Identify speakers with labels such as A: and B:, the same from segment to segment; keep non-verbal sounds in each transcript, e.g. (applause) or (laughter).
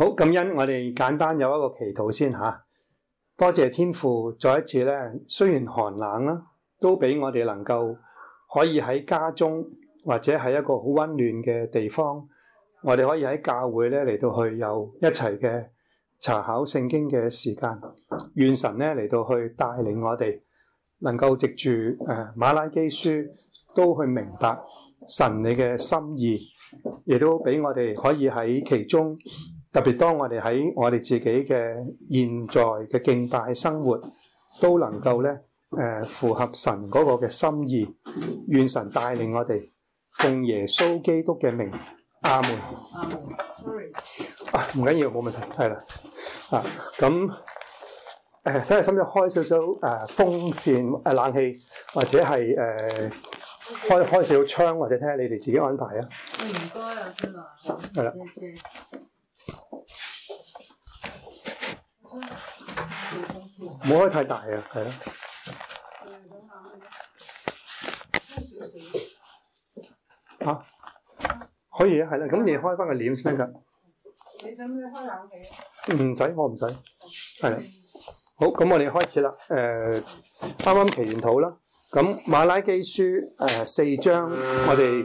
A: 好感恩。我哋簡單有一個祈禱先吓，多謝天父。再一次咧，雖然寒冷啦，都俾我哋能夠可以喺家中或者喺一個好温暖嘅地方，我哋可以喺教會咧嚟到去有一齊嘅查考聖經嘅時間。願神咧嚟到去帶領我哋，能夠藉住誒馬拉基書都去明白神你嘅心意，亦都俾我哋可以喺其中。特別當我哋喺我哋自己嘅現在嘅敬拜生活，都能夠咧誒符合神嗰個嘅心意，願神帶領我哋，奉耶穌基督嘅名，阿門。阿門。Sorry，唔緊要，冇問題，係啦。啊，咁誒睇下使唔使開少少誒風扇誒冷氣，或者係誒開開少窗，或者睇下你哋自己安排啊。唔該，阿 Sir。係啦。唔好開太大啊，係咯。吓，可以啊，係啦，咁你開翻個簾先得噶。你想唔想開冷氣啊？唔使，我唔使，係啦。好，咁我哋開始啦。誒，啱啱祈完禱啦。咁瑪拉基書誒四章，我哋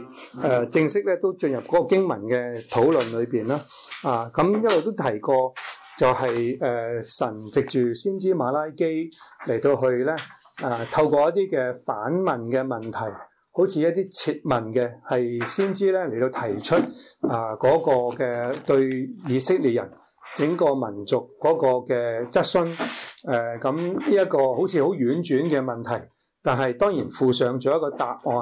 A: 誒正式咧都進入嗰個經文嘅討論裏邊啦。啊，咁一路都提過，就係誒神藉住先知瑪拉基嚟到去咧，啊透過一啲嘅反問嘅問題，好似一啲設問嘅，係先知咧嚟到提出啊嗰個嘅對以色列人整個民族嗰個嘅質詢。誒咁呢一個好似好婉轉嘅問題，但係當然附上咗一個答案，誒、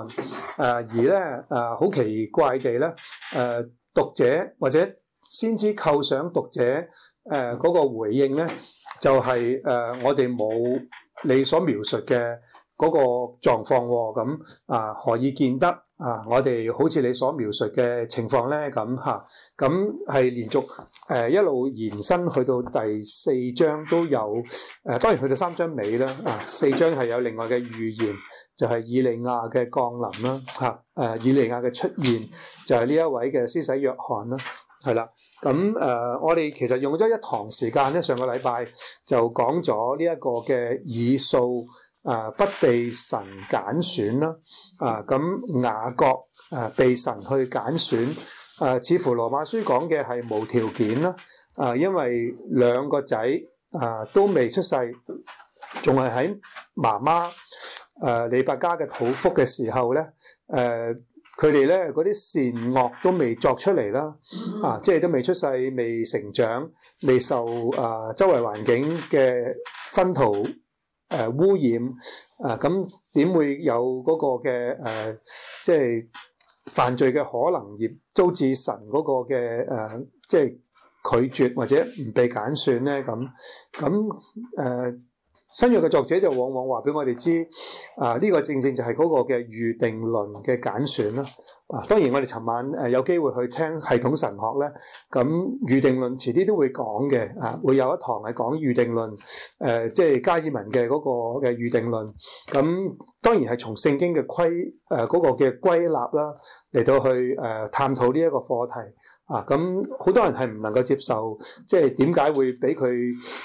A: 啊、而咧誒好奇怪地咧誒、啊、讀者或者先知構想讀者誒嗰、啊那個回應咧，就係、是、誒、啊、我哋冇你所描述嘅嗰、那個狀況喎，咁啊何以見得啊？我哋好似你所描述嘅情況咧，咁嚇，咁係連續、呃、一路延伸去到第四章都有誒、呃，當然去到三章尾啦，啊四章係有另外嘅預言，就係、是、以利亞嘅降臨啦，嚇、啊啊、以利亞嘅出現就係、是、呢一位嘅施洗約翰啦，係啦，咁誒、呃、我哋其實用咗一堂時間咧，上個禮拜就講咗呢一個嘅以掃。啊！不被神揀選啦，啊咁雅各啊被神去揀選，啊似乎羅馬書講嘅係無條件啦，啊因為兩個仔啊都未出世，仲係喺媽媽誒利百加嘅肚腹嘅時候咧，誒佢哋咧嗰啲善惡都未作出嚟啦，啊即係都未出世、未成長、未受啊周圍環境嘅薰陶。誒、呃、污染，誒咁點會有嗰個嘅、呃、即係犯罪嘅可能，而遭致神嗰個嘅、呃、即係拒絕或者唔被揀選咧？咁咁新約嘅作者就往往話俾我哋知，啊呢、這個正正就係嗰個嘅預定論嘅揀選啦。啊，當然我哋尋晚誒有機會去聽系統神學咧，咁、啊、預定論遲啲都會講嘅，啊會有一堂係講預定論，誒、啊、即係加爾文嘅嗰個嘅預定論。咁、啊、當然係從聖經嘅規誒、啊那個嘅歸納啦，嚟到去、啊、探討呢一個課題。啊，咁好多人係唔能夠接受，即係點解會俾佢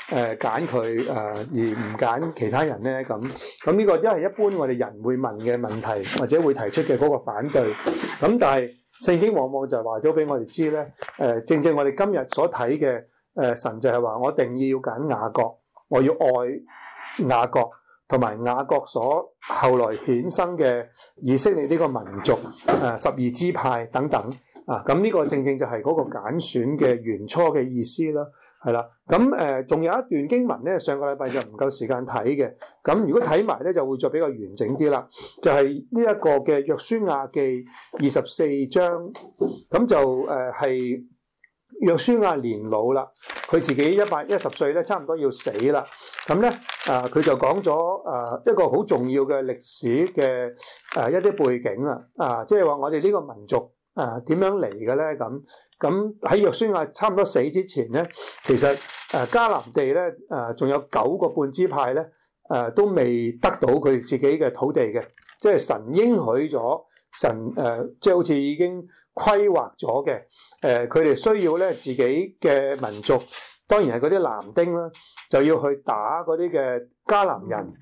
A: 誒揀佢誒，而唔揀其他人咧？咁咁呢個一係一般我哋人會問嘅問題，或者會提出嘅嗰個反對。咁但係聖經往往就話咗俾我哋知咧，誒、呃、正正我哋今日所睇嘅誒神就係話，我定義要揀雅各，我要愛雅各，同埋雅各所後來衍生嘅以色列呢個民族，誒、呃、十二支派等等。啊，咁、這、呢個正正就係嗰個揀選嘅原初嘅意思啦，係啦。咁、啊、仲、啊、有一段經文咧，上個禮拜就唔夠時間睇嘅。咁、啊、如果睇埋咧，就會再比較完整啲啦。就係呢一個嘅約書亞記二十四章，咁、啊、就誒係約書亞年老啦，佢自己一百一十歲咧，差唔多要死啦。咁咧啊，佢、啊、就講咗啊一個好重要嘅歷史嘅誒、啊、一啲背景啦，啊，即係話我哋呢個民族。誒、啊，點樣嚟嘅咧？咁咁喺約書亞差唔多死之前咧，其實誒迦、啊、南地咧誒，仲、啊、有九個半支派咧誒、啊，都未得到佢自己嘅土地嘅，即係神應許咗，神誒、啊，即係好似已經規劃咗嘅。誒、啊，佢哋需要咧自己嘅民族，當然係嗰啲男丁啦，就要去打嗰啲嘅迦南人，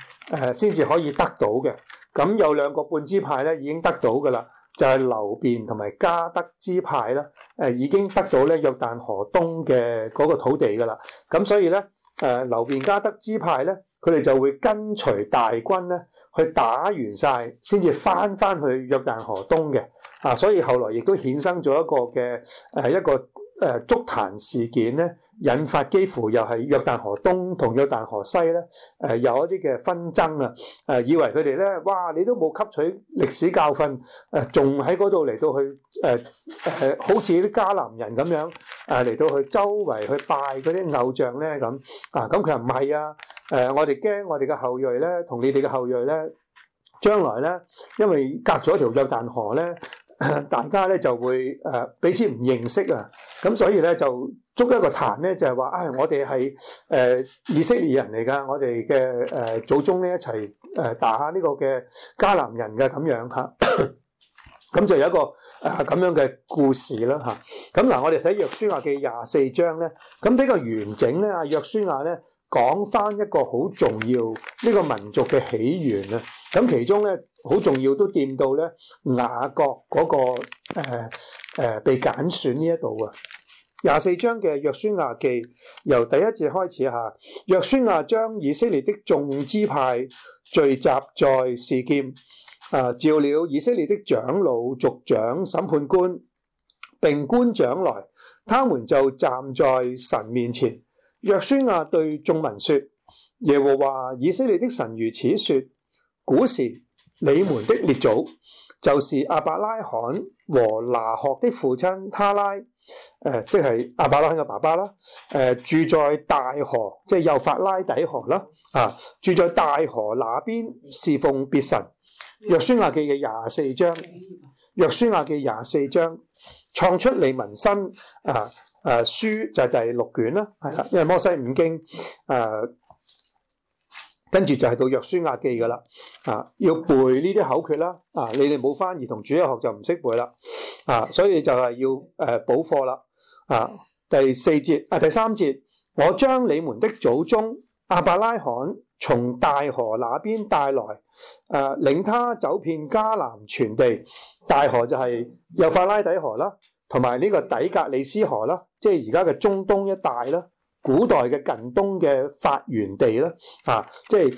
A: 誒、啊，先至可以得到嘅。咁有兩個半支派咧，已經得到噶啦。就係、是、流便同埋迦得支派啦，誒已經得到咧約旦河東嘅嗰個土地㗎啦，咁所以咧，誒流便迦得支派咧，佢哋就會跟隨大軍咧去打完晒，先至翻翻去約旦河東嘅。啊，所以後來亦都衍生咗一個嘅誒一個誒祭壇事件咧，引發幾乎又係約旦河東同約旦河西咧，誒有一啲嘅紛爭啊！誒以為佢哋咧，哇！你都冇吸取歷史教訓，誒仲喺嗰度嚟到去誒誒，好似啲迦南人咁樣，誒、啊、嚟到去周圍去拜嗰啲偶像咧咁啊！咁佢又唔係啊！誒、啊、我哋驚我哋嘅後裔咧，同你哋嘅後裔咧，將來咧，因為隔咗一條約旦河咧。大家咧就會誒彼此唔認識啊，咁所以咧就捉一個壇咧，就係話啊，我哋係誒以色列人嚟噶，我哋嘅誒祖宗咧一齊誒打下呢個嘅迦南人嘅咁樣嚇，咁就有一個誒咁、啊、樣嘅故事啦嚇。咁嗱，我哋睇約書亞記廿四章咧，咁比較完整咧，阿約書亞咧講翻一個好重要呢個民族嘅起源啊，咁其中咧。好重要都掂到咧雅各嗰，那個誒，呃呃，被揀選呢一度啊，廿四章嘅約書亞記由第一節開始嚇，約書亞將以色列的眾支派聚集在示劍，啊召了以色列的長老、族長、審判官、並官長來，他們就站在神面前。約書亞對眾民説：耶和華以色列的神如此説：古時你們的列祖就是亞伯拉罕和拿鶴的父親他拉，誒、呃、即係亞伯拉罕嘅爸爸啦。誒、呃、住在大河，即係幼發拉底河啦。啊，住在大河那邊侍奉別神。約書亞記嘅廿四章，約書亞記廿四章，創出利民申，啊啊，書就係第六卷啦，係、啊、啦，因為摩西五經誒。啊跟住就係到約書亞記㗎啦，啊，要背呢啲口訣啦，啊，你哋冇返兒童主日學就唔識背啦，啊，所以就係要誒、呃、補課啦，啊，第四節啊第三節，我將你們的祖宗亞伯拉罕從大河那邊帶來，誒、啊，領他走遍迦南全地，大河就係幼發拉底河啦，同埋呢個底格里斯河啦、啊，即係而家嘅中東一帶啦。古代嘅近東嘅發源地啦，啊，即係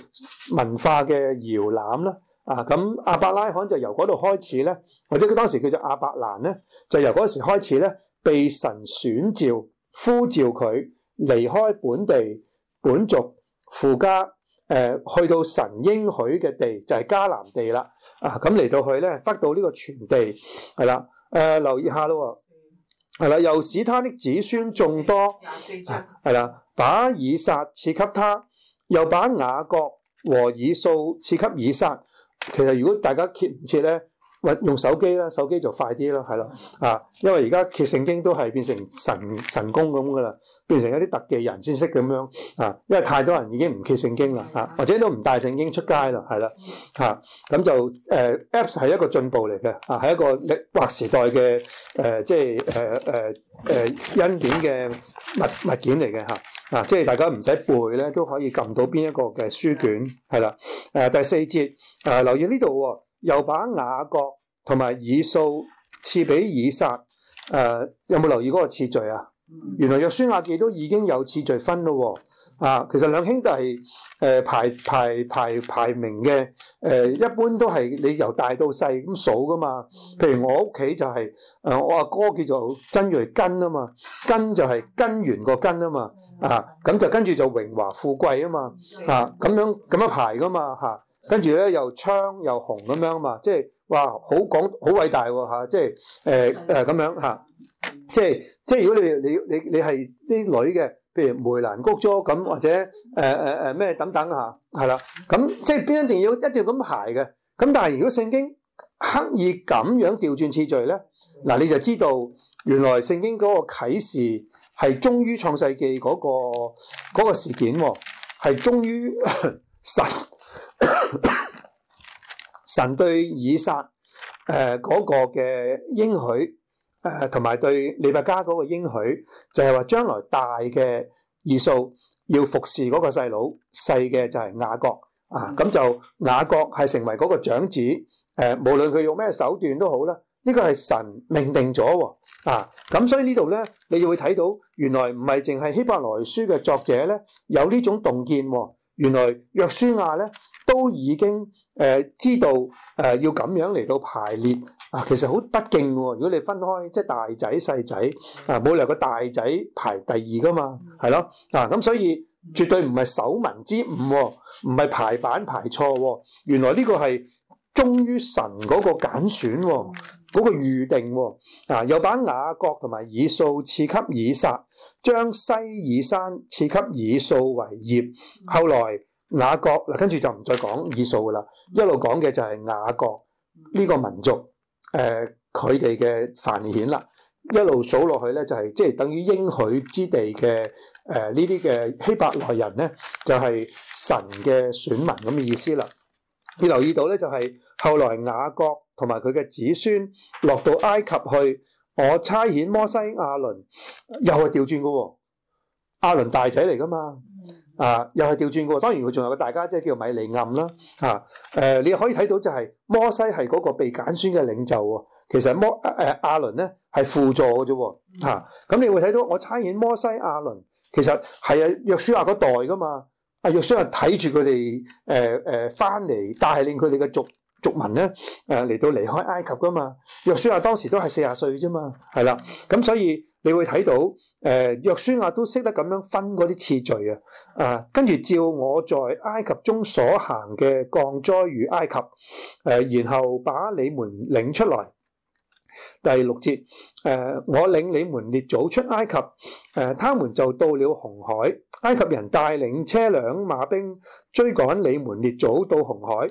A: 文化嘅搖籃啦，啊，咁亞伯拉罕就由嗰度開始咧，或者佢當時叫做亞伯蘭咧，就由嗰時開始咧，被神選召、呼召佢離開本地本族父家誒、呃，去到神應許嘅地，就係、是、迦南地啦，啊，咁嚟到佢咧得到呢個全地，係啦，誒、呃，留意下咯、哦。啦，又使他的子孫眾多，啦，把以撒賜給他，又把雅各和以掃賜給以撒。其實如果大家唔切呢？用手機啦，手機就快啲啦，係啦，啊，因為而家揭聖經都係變成神神功咁噶啦，變成一啲特技人先識咁樣，啊，因為太多人已經唔揭聖經啦、啊，或者都唔帶聖經出街啦，係啦，啊，咁就 Apps 係一個進步嚟嘅，啊，係一個歷劃、啊、時代嘅誒，即係誒誒誒恩典嘅物物件嚟嘅啊，即係、啊啊啊啊、大家唔使背咧都可以撳到邊一個嘅書卷，係啦、啊，第四節、啊，留意呢度喎。又把雅各同埋以掃賜俾以撒，誒、啊，有冇留意嗰個次序啊？原來約書亞記都已經有次序分咯、啊，啊，其實兩兄弟誒、啊、排排排排名嘅，誒、啊，一般都係你由大到細咁數噶嘛。譬如我屋企就係、是、誒、啊，我阿哥叫做曾瑞根啊嘛，根就係根源個根啊嘛，啊，咁就跟住就榮華富貴啊嘛，啊，咁樣咁樣排噶嘛，吓、啊。跟住咧又昌又紅咁樣嘛，即係哇好廣好偉大喎、啊、即係誒咁樣、啊、即係即係如果你你你你係啲女嘅，譬如梅蘭菊竹咁或者誒誒誒咩等等嚇、啊，係啦，咁即係邊一定要一定要咁排嘅？咁但係如果聖經刻意咁樣調轉次序咧，嗱，你就知道原來聖經嗰個啟示係忠於創世記嗰個嗰個事件、啊，係忠於神。 (coughs) 神對以撒誒嗰、呃那個嘅應許誒，同、呃、埋對利百加嗰個應許，就係、是、話將來大嘅二數要服侍嗰個細佬，細嘅就係雅各啊。咁就雅各係成為嗰個長子誒、呃，無論佢用咩手段都好啦。呢、這個係神命定咗啊。咁所以這裏呢度咧，你就會睇到原來唔係淨係希伯來書嘅作者咧有呢種洞見、哦，原來約書亞咧。都已經誒、呃、知道誒、呃、要咁樣嚟到排列啊，其實好不敬喎。如果你分開，即係大仔細仔啊，冇理由個大仔排第二噶嘛，係咯啊。咁所以絕對唔係手民之誤、啊，唔係排版排錯、啊。原來呢個係忠於神嗰個揀選、啊，嗰、嗰個預定啊，啊。又把雅各同埋以掃賜給以撒，將西珥山賜給以掃為業。後來。雅各嗱，跟住就唔再講以掃噶啦，一路講嘅就係雅各呢個民族，誒佢哋嘅繁衍啦，一路數落去咧就係即係等於應許之地嘅誒呢啲嘅希伯來人咧，就係神嘅選民咁嘅意思啦。你留意到咧，就係後來雅各同埋佢嘅子孫落到埃及去，我差遣摩西亞倫，又係調轉㗎喎，亞倫大仔嚟噶嘛。啊，又係調轉過喎。當然佢仲有一個大家姐叫米利暗啦、啊呃。你又可以睇到就係摩西係嗰個被揀選嘅領袖喎、啊。其實摩誒阿倫咧係輔助嘅啫喎。咁、啊、你會睇到我差遣摩西、阿倫，其實係啊約書亞嗰代噶嘛。啊約書亞睇住佢哋誒誒翻嚟帶領佢哋嘅族族民咧，誒嚟到離開埃及噶嘛。約書亞、呃呃啊、當時都係四廿歲啫嘛，係啦。咁所以。你會睇到，誒，約書亞都識得咁樣分嗰啲次序啊，啊，跟住照我在埃及中所行嘅降災與埃及，誒，然後把你們領出來。第六節，誒，我領你們列祖出埃及，誒，他們就到了紅海，埃及人帶領車輛馬兵追趕你們列祖到紅海，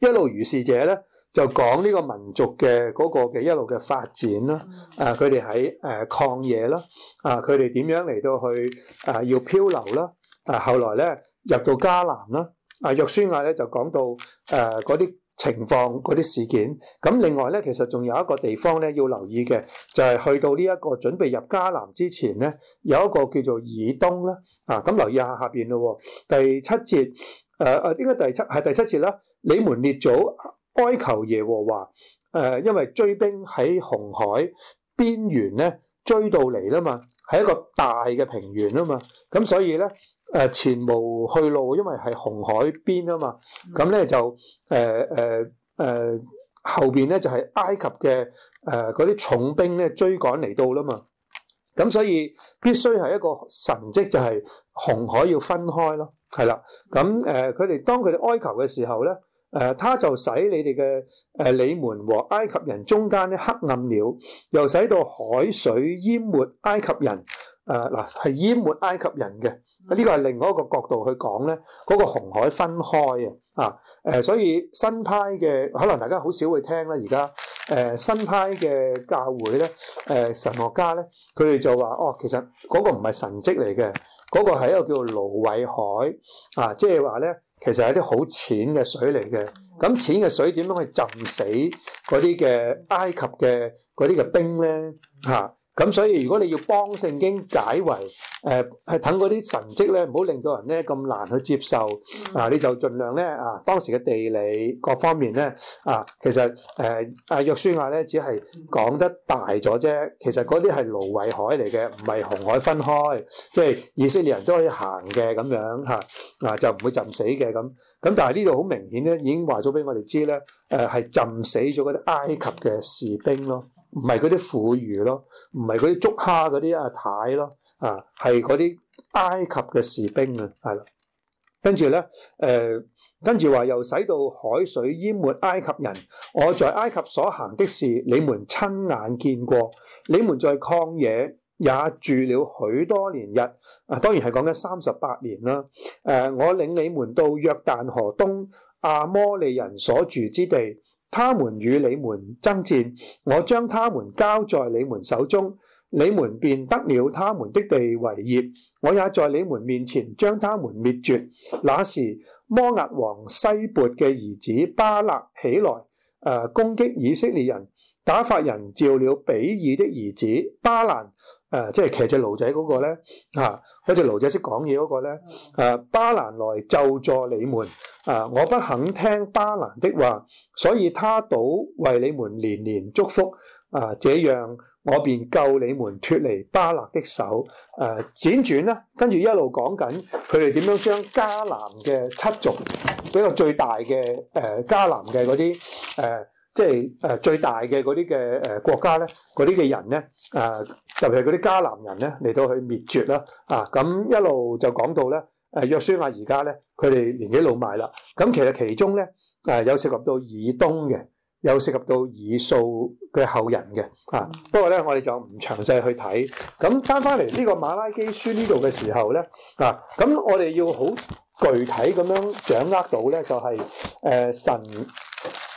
A: 一路如是者咧。就講呢個民族嘅嗰個嘅一路嘅發展啦，啊佢哋喺誒曠野啦，啊佢哋點樣嚟到去啊要漂流啦，啊後來咧入到迦南啦，啊約書亞咧就講到誒嗰啲情況嗰啲事件，咁另外咧其實仲有一個地方咧要留意嘅，就係去到呢一個準備入迦南之前咧，有一個叫做以東啦，啊咁留意下下邊咯，第七節誒誒應該第七係第七節啦，你們列祖。哀求耶和華誒、呃，因為追兵喺紅海邊緣咧追到嚟啦嘛，係一個大嘅平原啊嘛，咁所以咧誒、呃、前無去路，因為係紅海邊啊嘛，咁咧就誒誒誒後邊咧就係、是、埃及嘅誒嗰啲重兵咧追趕嚟到啦嘛，咁所以必須係一個神跡，就係、是、紅海要分開咯，係啦。咁、呃、誒，佢哋當佢哋哀求嘅時候咧。誒，他就使你哋嘅誒，你們門和埃及人中間咧黑暗了，又使到海水淹沒埃及人。誒、呃、嗱，係淹沒埃及人嘅。呢、這個係另外一個角度去講咧，嗰、那個紅海分開啊。誒、呃，所以新派嘅可能大家好少會聽啦。而家誒新派嘅教會咧，誒、呃、神學家咧，佢哋就話：哦，其實嗰個唔係神跡嚟嘅，嗰、那個係一個叫做蘆葦海啊，即係話咧。其實係一啲好淺嘅水嚟嘅，咁淺嘅水點樣去浸死嗰啲嘅埃及嘅嗰啲嘅兵咧？嚇！咁所以如果你要幫聖經解圍，誒、呃、係等嗰啲神跡咧，唔好令到人咧咁難去接受，啊你就盡量咧啊當時嘅地理各方面咧啊，其實誒阿、呃、約書亞咧只係講得大咗啫，其實嗰啲係蘆葦海嚟嘅，唔係紅海分開，即係以色列人都可以行嘅咁樣吓，啊，啊就唔會浸死嘅咁。咁、啊、但係呢度好明顯咧，已經話咗俾我哋知咧，誒、啊、係浸死咗嗰啲埃及嘅士兵咯。唔係嗰啲婦孺咯，唔係嗰啲竹蝦嗰啲阿太咯，啊，係嗰啲埃及嘅士兵啊，係啦。跟住咧，誒、呃，跟住話又使到海水淹沒埃及人。我在埃及所行的事，你們親眼見過。你們在曠野也住了許多年日，啊，當然係講緊三十八年啦。誒、啊，我領你們到約旦河東阿摩利人所住之地。他們與你們爭戰，我將他們交在你們手中，你們便得了他們的地為業。我也在你們面前將他們滅絕。那時，摩押王西撥嘅兒子巴勒起來，呃，攻擊以色列人。打發人召了比珥的兒子巴蘭，誒、呃、即係騎隻驢仔嗰個咧，嚇、啊，嗰隻驢仔識講嘢嗰個咧，誒、啊、巴蘭來救助你們，啊！我不肯聽巴蘭的話，所以他倒為你們年年祝福，啊！這樣我便救你們脱離巴勒的手，誒、啊，輾轉啦、啊，跟住一路講緊佢哋點樣將迦南嘅七族，比較最大嘅誒迦南嘅嗰啲誒。呃即係誒最大嘅嗰啲嘅誒國家咧，嗰啲嘅人咧，誒、啊、特別係嗰啲迦南人咧嚟到去滅絕啦，啊咁一路就講到咧誒約書亞而家咧，佢、啊、哋年紀老邁啦。咁其實其中咧誒、啊、有涉及到以東嘅，有涉及到以掃嘅後人嘅，啊不過咧我哋就唔詳細去睇。咁翻翻嚟呢個瑪拉基書呢度嘅時候咧，啊咁我哋要好具體咁樣掌握到咧，就係、是、誒、啊、神。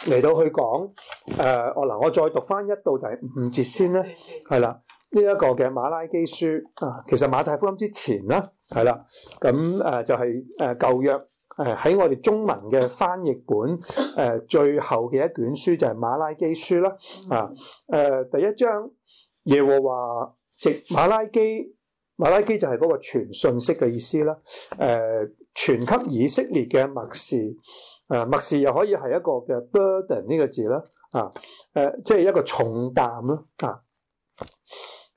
A: 嚟到去講，誒，我嗱，我再讀翻一到第五節先咧，係啦，呢、這、一個嘅瑪拉基書啊，其實馬太福音之前啦，係啦，咁、啊、誒就係誒舊約，誒喺我哋中文嘅翻譯本誒最後嘅一卷書就係瑪拉基書啦，啊，誒、啊、第一章耶和華直瑪拉基，瑪拉基就係嗰個傳信息嘅意思啦，誒傳給以色列嘅默示。誒、啊，默示又可以係一個嘅 burden 呢個字啦，啊，誒、呃，即係一個重擔啦，啊，誒、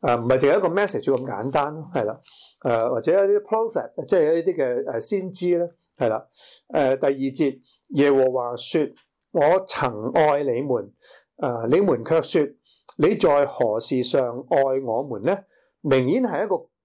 A: 啊，唔係淨係一個 message 咁簡單咯，係啦，誒、啊，或者一啲 prophet，即係一啲嘅誒先知咧，係啦，誒、啊，第二節，耶和華說，我曾愛你們，誒、啊，你們卻說，你在何事上愛我們呢？明顯係一個。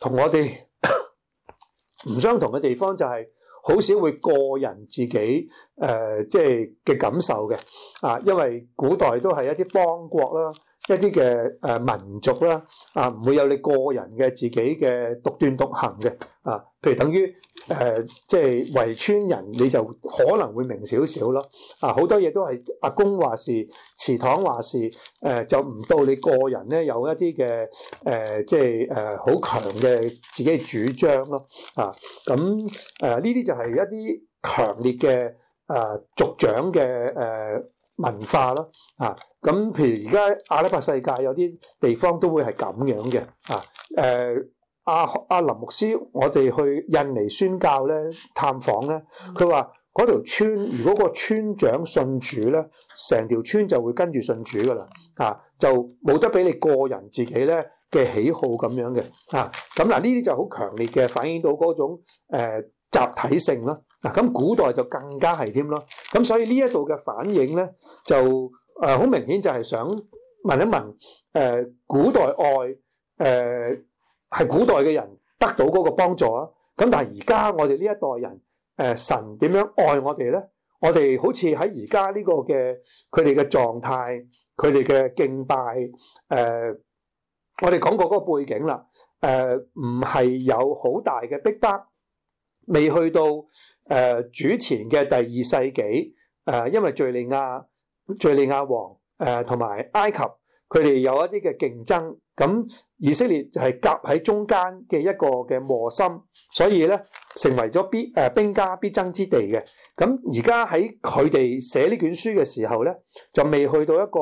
A: 同我哋唔相同嘅地方就係好少會個人自己誒，即係嘅感受嘅啊，因為古代都係一啲邦國啦，一啲嘅誒民族啦啊，唔會有你個人嘅自己嘅獨斷獨行嘅啊，譬如等於。誒、呃，即、就、係、是、圍村人你就可能會明少少咯。啊，好多嘢都係阿公話事，祠堂話事、呃，就唔到你個人咧有一啲嘅誒，即係誒好強嘅自己嘅主張咯。啊，咁誒呢啲就係一啲強烈嘅誒、呃、族長嘅誒、呃、文化咯。啊，咁譬如而家阿拉伯世界有啲地方都會係咁樣嘅。啊，呃阿阿林牧師，我哋去印尼宣教咧，探訪咧，佢話嗰條村，如果個村長信主咧，成條村就會跟住信主噶啦，啊，就冇得俾你個人自己咧嘅喜好咁樣嘅，啊，咁嗱呢啲就好強烈嘅反映到嗰種集體性啦，嗱，咁古代就更加係添咯，咁所以呢一度嘅反映咧，就好明顯就係想問一問誒古代愛誒。係古代嘅人得到嗰個幫助啊！咁但係而家我哋呢一代人，誒、呃、神點樣愛我哋呢？我哋好似喺而家呢個嘅佢哋嘅狀態，佢哋嘅敬拜，誒、呃、我哋講過嗰個背景啦，誒唔係有好大嘅逼迫、迫，未去到誒、呃、主前嘅第二世紀，誒、呃、因為敘利亞、敘利亞王誒同埋埃及。佢哋有一啲嘅競爭，咁以色列就係夾喺中間嘅一個嘅磨心，所以咧成為咗必誒兵家必爭之地嘅。咁而家喺佢哋寫呢卷書嘅時候咧，就未去到一個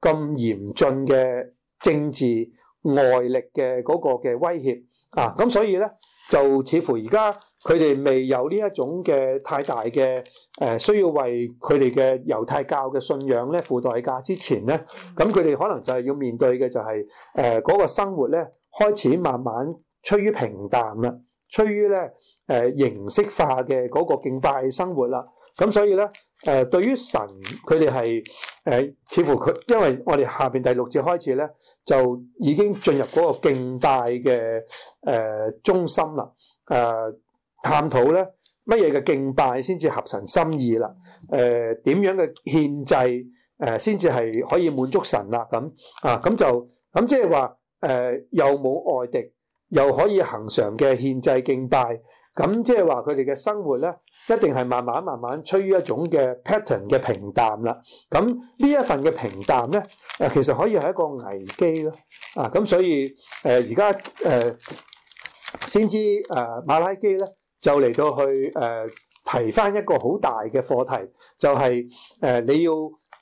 A: 咁嚴峻嘅政治外力嘅嗰個嘅威脅啊，咁所以咧就似乎而家。佢哋未有呢一種嘅太大嘅、呃、需要為佢哋嘅猶太教嘅信仰咧付代價之前咧，咁佢哋可能就要面對嘅就係誒嗰個生活咧開始慢慢趨於平淡啦，趨於咧誒形式化嘅嗰個敬拜生活啦。咁所以咧誒、呃，對於神佢哋係似乎佢，因為我哋下面第六節開始咧，就已經進入嗰個敬拜嘅誒、呃、中心啦，誒、呃。探討咧乜嘢嘅敬拜先至合神心意啦？誒、呃、點樣嘅獻祭誒先至係可以滿足神啦？咁啊咁、啊啊、就咁即係話誒又冇外敵，又可以恒常嘅獻祭敬拜。咁即係話佢哋嘅生活咧，一定係慢慢慢慢趨於一種嘅 pattern 嘅平淡啦。咁、啊、呢一份嘅平淡咧、啊，其實可以係一個危機咯。啊咁、啊、所以誒而家誒先知誒、啊、瑪拉基咧。就嚟到去誒、呃、提翻一個好大嘅課題，就係、是、誒、呃、你要。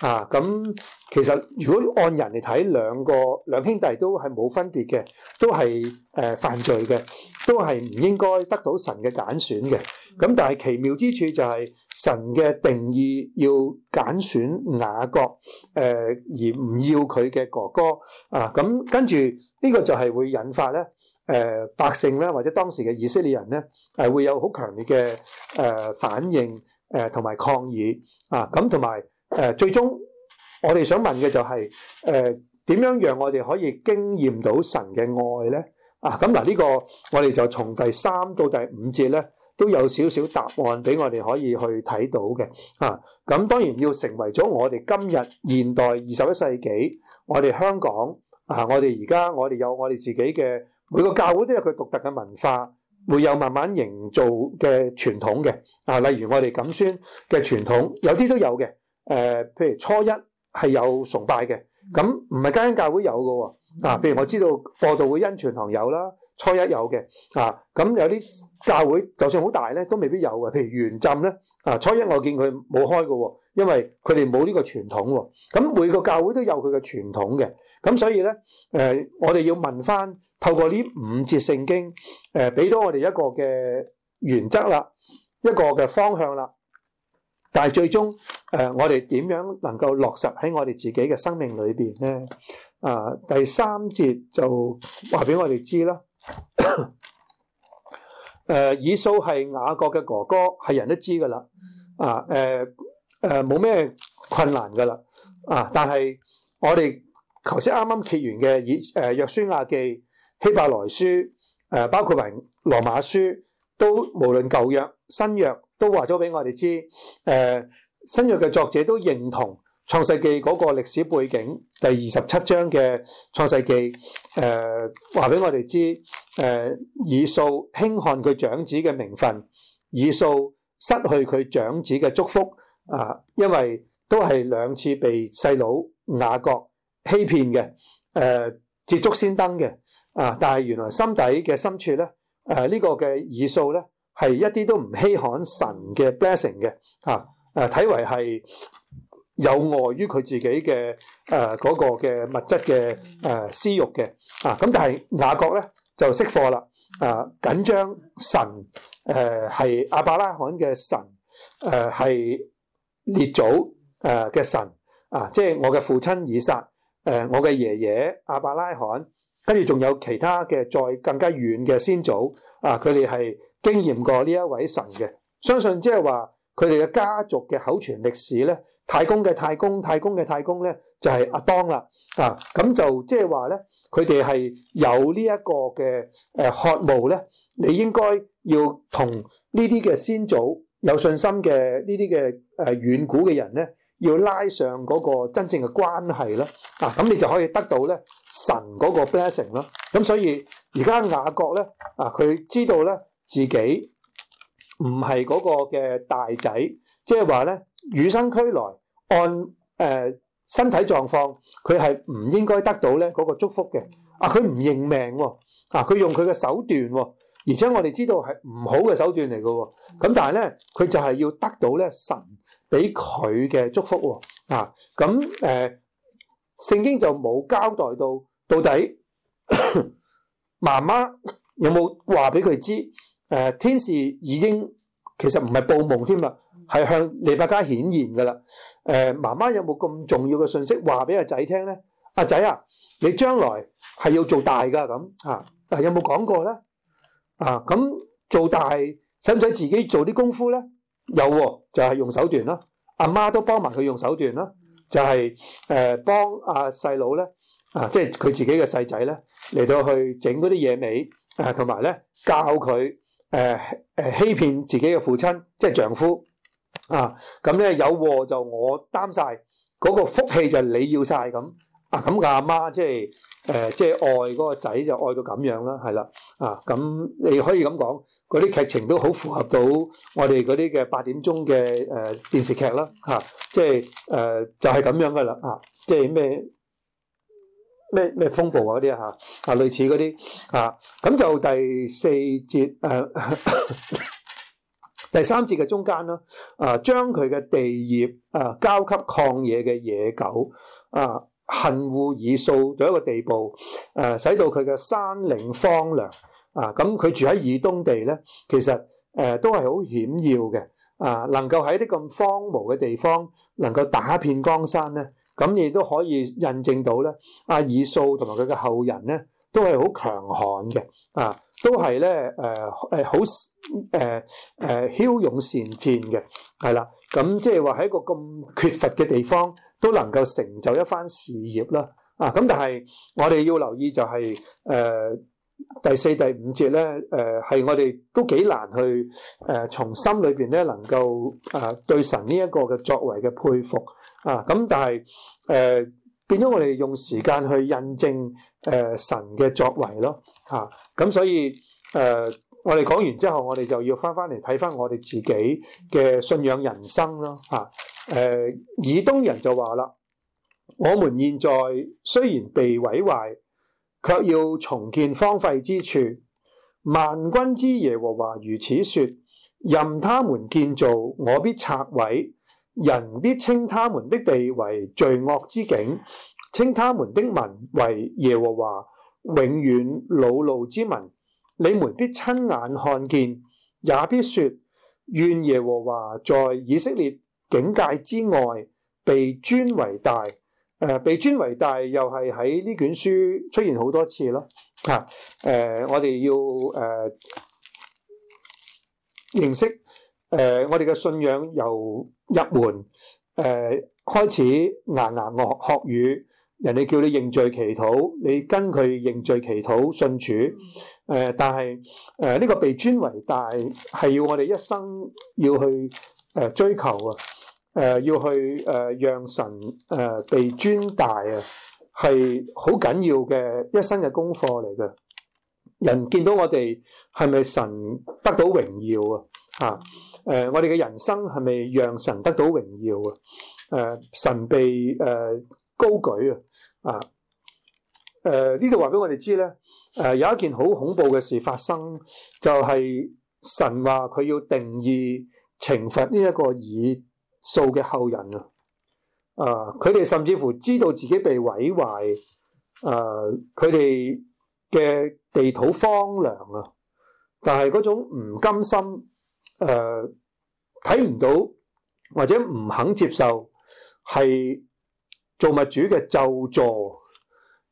A: 啊，咁其實如果按人嚟睇，兩個兩兄弟都係冇分別嘅，都係誒犯罪嘅，都係唔應該得到神嘅揀選嘅。咁但係奇妙之處就係神嘅定意要揀選雅各誒，而唔要佢嘅哥哥啊。咁跟住呢個就係會引發咧誒百姓咧，或者當時嘅以色列人咧，係會有好強烈嘅誒反應誒，同埋抗議啊。咁同埋。誒，最終我哋想問嘅就係，誒點樣讓我哋可以經驗到神嘅愛呢？啊，咁嗱呢個我哋就從第三到第五節呢，都有少少答案俾我哋可以去睇到嘅。啊，咁當然要成為咗我哋今日現代二十一世紀，我哋香港啊，我哋而家我哋有我哋自己嘅每個教會都有佢獨特嘅文化，會有慢慢營造嘅傳統嘅。啊，例如我哋錦宣嘅傳統，有啲都有嘅。誒、呃，譬如初一係有崇拜嘅，咁唔係間間教會有嘅喎、啊啊。譬如我知道播道會恩泉堂有啦，初一有嘅。啊，咁有啲教會就算好大咧，都未必有嘅。譬如原浸咧，啊，初一我見佢冇開嘅喎、啊，因為佢哋冇呢個傳統喎、啊。咁每個教會都有佢嘅傳統嘅，咁所以咧，誒、呃，我哋要問翻，透過呢五節聖經，誒、呃，俾到我哋一個嘅原則啦，一個嘅方向啦。但係最終，誒、呃、我哋點樣能夠落實喺我哋自己嘅生命裏邊咧？啊，第三節就話俾我哋知啦。誒，以掃係雅各嘅哥哥，係人都知噶啦。啊，誒誒冇咩困難噶啦。啊，但係我哋頭先啱啱揭完嘅以誒約書亞記、希伯來書誒、呃，包括埋羅馬書，都無論舊約新約。都話咗俾我哋知，誒新約嘅作者都認同創世記嗰個歷史背景，第二十七章嘅創世記，誒話俾我哋知，誒以掃輕看佢長子嘅名分，以掃失去佢長子嘅祝福，啊，因為都係兩次被細佬雅各欺騙嘅，誒捷足先登嘅，啊，但係原來心底嘅深處咧，誒呢個嘅以掃咧。係一啲都唔稀罕神嘅 blessing 嘅，啊，誒、啊、睇為係有礙於佢自己嘅誒嗰個嘅物質嘅誒私欲嘅，啊，咁但係雅各咧就識貨啦，啊，緊、啊、張、啊、神誒係、啊、亞伯拉罕嘅神，誒、啊、係列祖誒嘅、啊、神，啊，即係我嘅父親以撒，誒、啊、我嘅爺爺亞伯拉罕，跟住仲有其他嘅再更加遠嘅先祖，啊，佢哋係。經驗過呢一位神嘅，相信即係話佢哋嘅家族嘅口傳歷史咧，太公嘅太公，太公嘅太公咧就係阿當啦，啊咁就即係話咧，佢哋係有這個的呢一個嘅誒渴慕咧，你應該要同呢啲嘅先祖有信心嘅呢啲嘅誒遠古嘅人咧，要拉上嗰個真正嘅關係啦，啊咁你就可以得到咧神嗰個 blessing 咯，咁所以而家雅各咧啊佢知道咧。自己唔係嗰個嘅大仔，即係話咧，與生俱來按誒身體狀況，佢係唔應該得到咧嗰個祝福嘅。啊，佢唔認命喎，啊，佢用佢嘅手段，而且我哋知道係唔好嘅手段嚟嘅。咁但係咧，佢就係要得到咧神俾佢嘅祝福。啊，咁誒，啊，聖經就冇交代到到底媽媽有冇話俾佢知？誒天使已經其實唔係報夢添啦，係向利百加顯現嘅啦。誒，媽媽有冇咁重要嘅信息話俾阿仔聽咧？阿仔啊，你將來係要做大噶咁嚇。有冇講過咧？啊，咁做大使唔使自己做啲功夫咧？有喎、啊，就係、是、用手段啦。阿媽都幫埋佢用手段啦，就係、是、誒、呃、幫阿細佬咧啊，即係佢自己嘅細仔咧嚟到去整嗰啲野味啊，同埋咧教佢。誒、呃、誒、呃，欺騙自己嘅父親，即係丈夫啊！咁咧有禍就我擔晒，嗰、嗰個福氣就你要晒咁啊！咁個阿媽即係誒，即係、呃、愛嗰個仔就愛到咁樣啦，係啦啊！咁、啊啊、你可以咁講，嗰啲劇情都好符合到我哋嗰啲嘅八點鐘嘅誒電視劇啦吓，即係誒就係咁樣噶啦啊！即係咩？呃就是咩咩風暴啊嗰啲嚇啊，類似嗰啲啊，咁就第四節、啊、 (laughs) 第三節嘅中間啦啊，將佢嘅地業啊交給曠野嘅野狗啊，恨惡以掃到一個地步、啊、使到佢嘅山嶺荒涼啊，咁、啊、佢住喺以東地咧，其實、啊、都係好險要嘅啊，能夠喺啲咁荒蕪嘅地方，能夠打遍江山咧。咁亦都可以印證到咧，阿爾蘇同埋佢嘅後人咧，都係好強悍嘅，啊，都係咧，誒誒，好誒誒，驍、呃呃呃、勇善戰嘅，係啦。咁即係話喺一個咁缺乏嘅地方，都能夠成就一番事業啦。啊，咁但係我哋要留意就係、是、誒。呃第四、第五節咧，誒、呃，係我哋都幾難去，誒、呃，從心裏邊咧能夠啊、呃、對神呢一個嘅作為嘅佩服啊，咁但係誒、呃，變咗我哋用時間去印證誒、呃、神嘅作為咯，吓、啊、咁、嗯、所以誒、呃，我哋講完之後，我哋就要翻翻嚟睇翻我哋自己嘅信仰人生咯，吓、啊、誒、呃，以東人就話啦，我們現在雖然被毀壞。卻要重建荒廢之處。萬軍之耶和華如此說：任他們建造，我必拆毀；人必稱他們的地為罪惡之境，稱他們的民為耶和華永遠惱怒之民。你們必親眼看見，也必說：願耶和華在以色列境界之外被尊為大。誒、啊，被尊為大又係喺呢卷書出現好多次咯，吓、啊，誒、啊，我哋要誒、啊、認識誒、啊，我哋嘅信仰由入門誒、啊、開始，牙牙學學語，人哋叫你認罪祈禱，你跟佢認罪祈禱信主，誒、啊，但係誒呢個被尊為大係要我哋一生要去誒、啊、追求啊！誒、呃，要去誒、呃，讓神誒、呃、被尊大啊，係好緊要嘅一生嘅功課嚟嘅。人見到我哋係咪神得到榮耀啊？吓，誒，我哋嘅人生係咪讓神得到榮耀啊？誒，神被誒、呃、高舉啊？啊，誒、呃，呢度話俾我哋知咧，誒、呃，有一件好恐怖嘅事發生，就係、是、神話佢要定意懲罰呢一個以。掃嘅後人啊，啊，佢哋甚至乎知道自己被毀壞，啊，佢哋嘅地土荒涼啊，但係嗰種唔甘心，誒、啊，睇唔到或者唔肯接受，係造物主嘅咒詛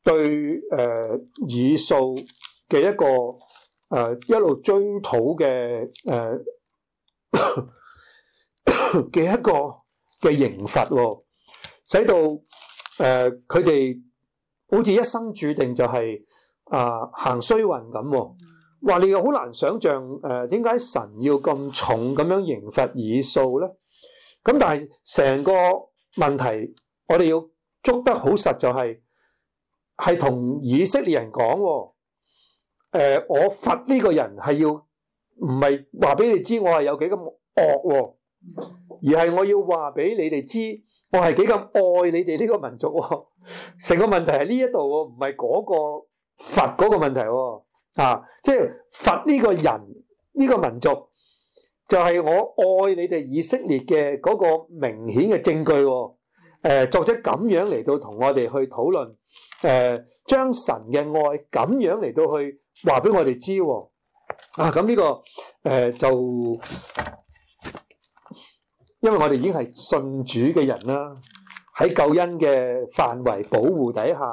A: 對誒、啊、以掃嘅一個誒、啊、一路追討嘅誒。啊 (laughs) 嘅一個嘅刑罰喎、哦，使到佢哋好似一生注定就係、是、啊、呃、行衰運咁、哦，話你又好難想像點解神要咁重咁樣刑罰以掃咧？咁但係成個問題，我哋要捉得好實、就是，就係係同以色列人講喎、哦呃，我罰呢個人係要唔係話俾你知我係有幾咁惡喎？而係我要話俾你哋知，我係幾咁愛你哋呢個民族、哦，成個問題係呢一度，唔係嗰個佛嗰個問題、哦，啊，即、就、係、是、佛呢個人呢、呢個民族，就係、是、我愛你哋以色列嘅嗰個明顯嘅證據、哦。誒、呃，作者咁樣嚟到同我哋去討論，誒、呃，將神嘅愛咁樣嚟到去話俾我哋知、哦，啊，咁、這、呢個誒、呃、就。因為我哋已經係信主嘅人啦，喺救恩嘅範圍保護底下，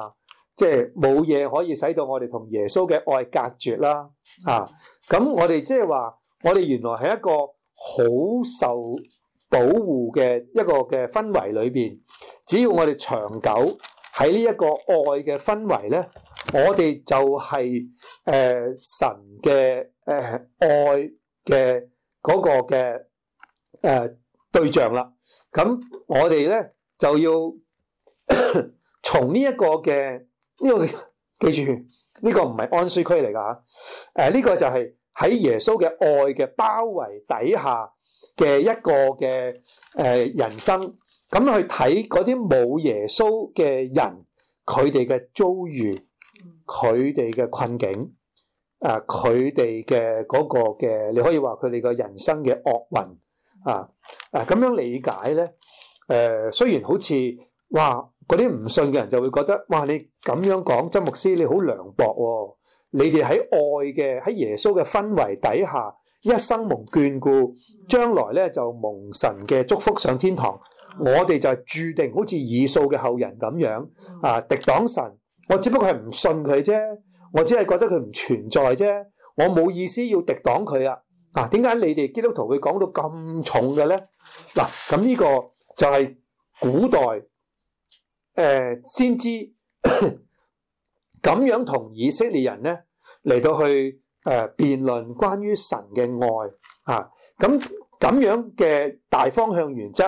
A: 即係冇嘢可以使到我哋同耶穌嘅愛隔絕啦。啊，咁我哋即係話，我哋原來係一個好受保護嘅一個嘅氛圍裏邊，只要我哋長久喺呢一個愛嘅氛圍咧，我哋就係、是、誒、呃、神嘅誒、呃、愛嘅嗰、那個嘅誒。呃對象啦，咁我哋咧就要從呢一個嘅呢個記住，呢個唔係安舒區嚟㗎嚇。誒呢個就係喺耶穌嘅愛嘅包圍底下嘅一個嘅誒人生，咁去睇嗰啲冇耶穌嘅人佢哋嘅遭遇，佢哋嘅困境，誒佢哋嘅嗰個嘅，你可以話佢哋嘅人生嘅惡運。啊！啊咁樣理解咧，誒、呃、雖然好似哇，嗰啲唔信嘅人就會覺得哇，你咁樣講，曾牧師你好涼薄喎！你哋喺、哦、愛嘅喺耶穌嘅氛圍底下，一生蒙眷顧，將來咧就蒙神嘅祝福上天堂。我哋就係註定好似以掃嘅後人咁樣啊，敵擋神。我只不過係唔信佢啫，我只係覺得佢唔存在啫，我冇意思要敵擋佢啊！嗱，點解你哋基督徒會講到咁重嘅咧？嗱，咁呢個就係古代誒先知咁樣同以色列人咧嚟到去誒辯論關於神嘅愛啊，咁咁樣嘅大方向原則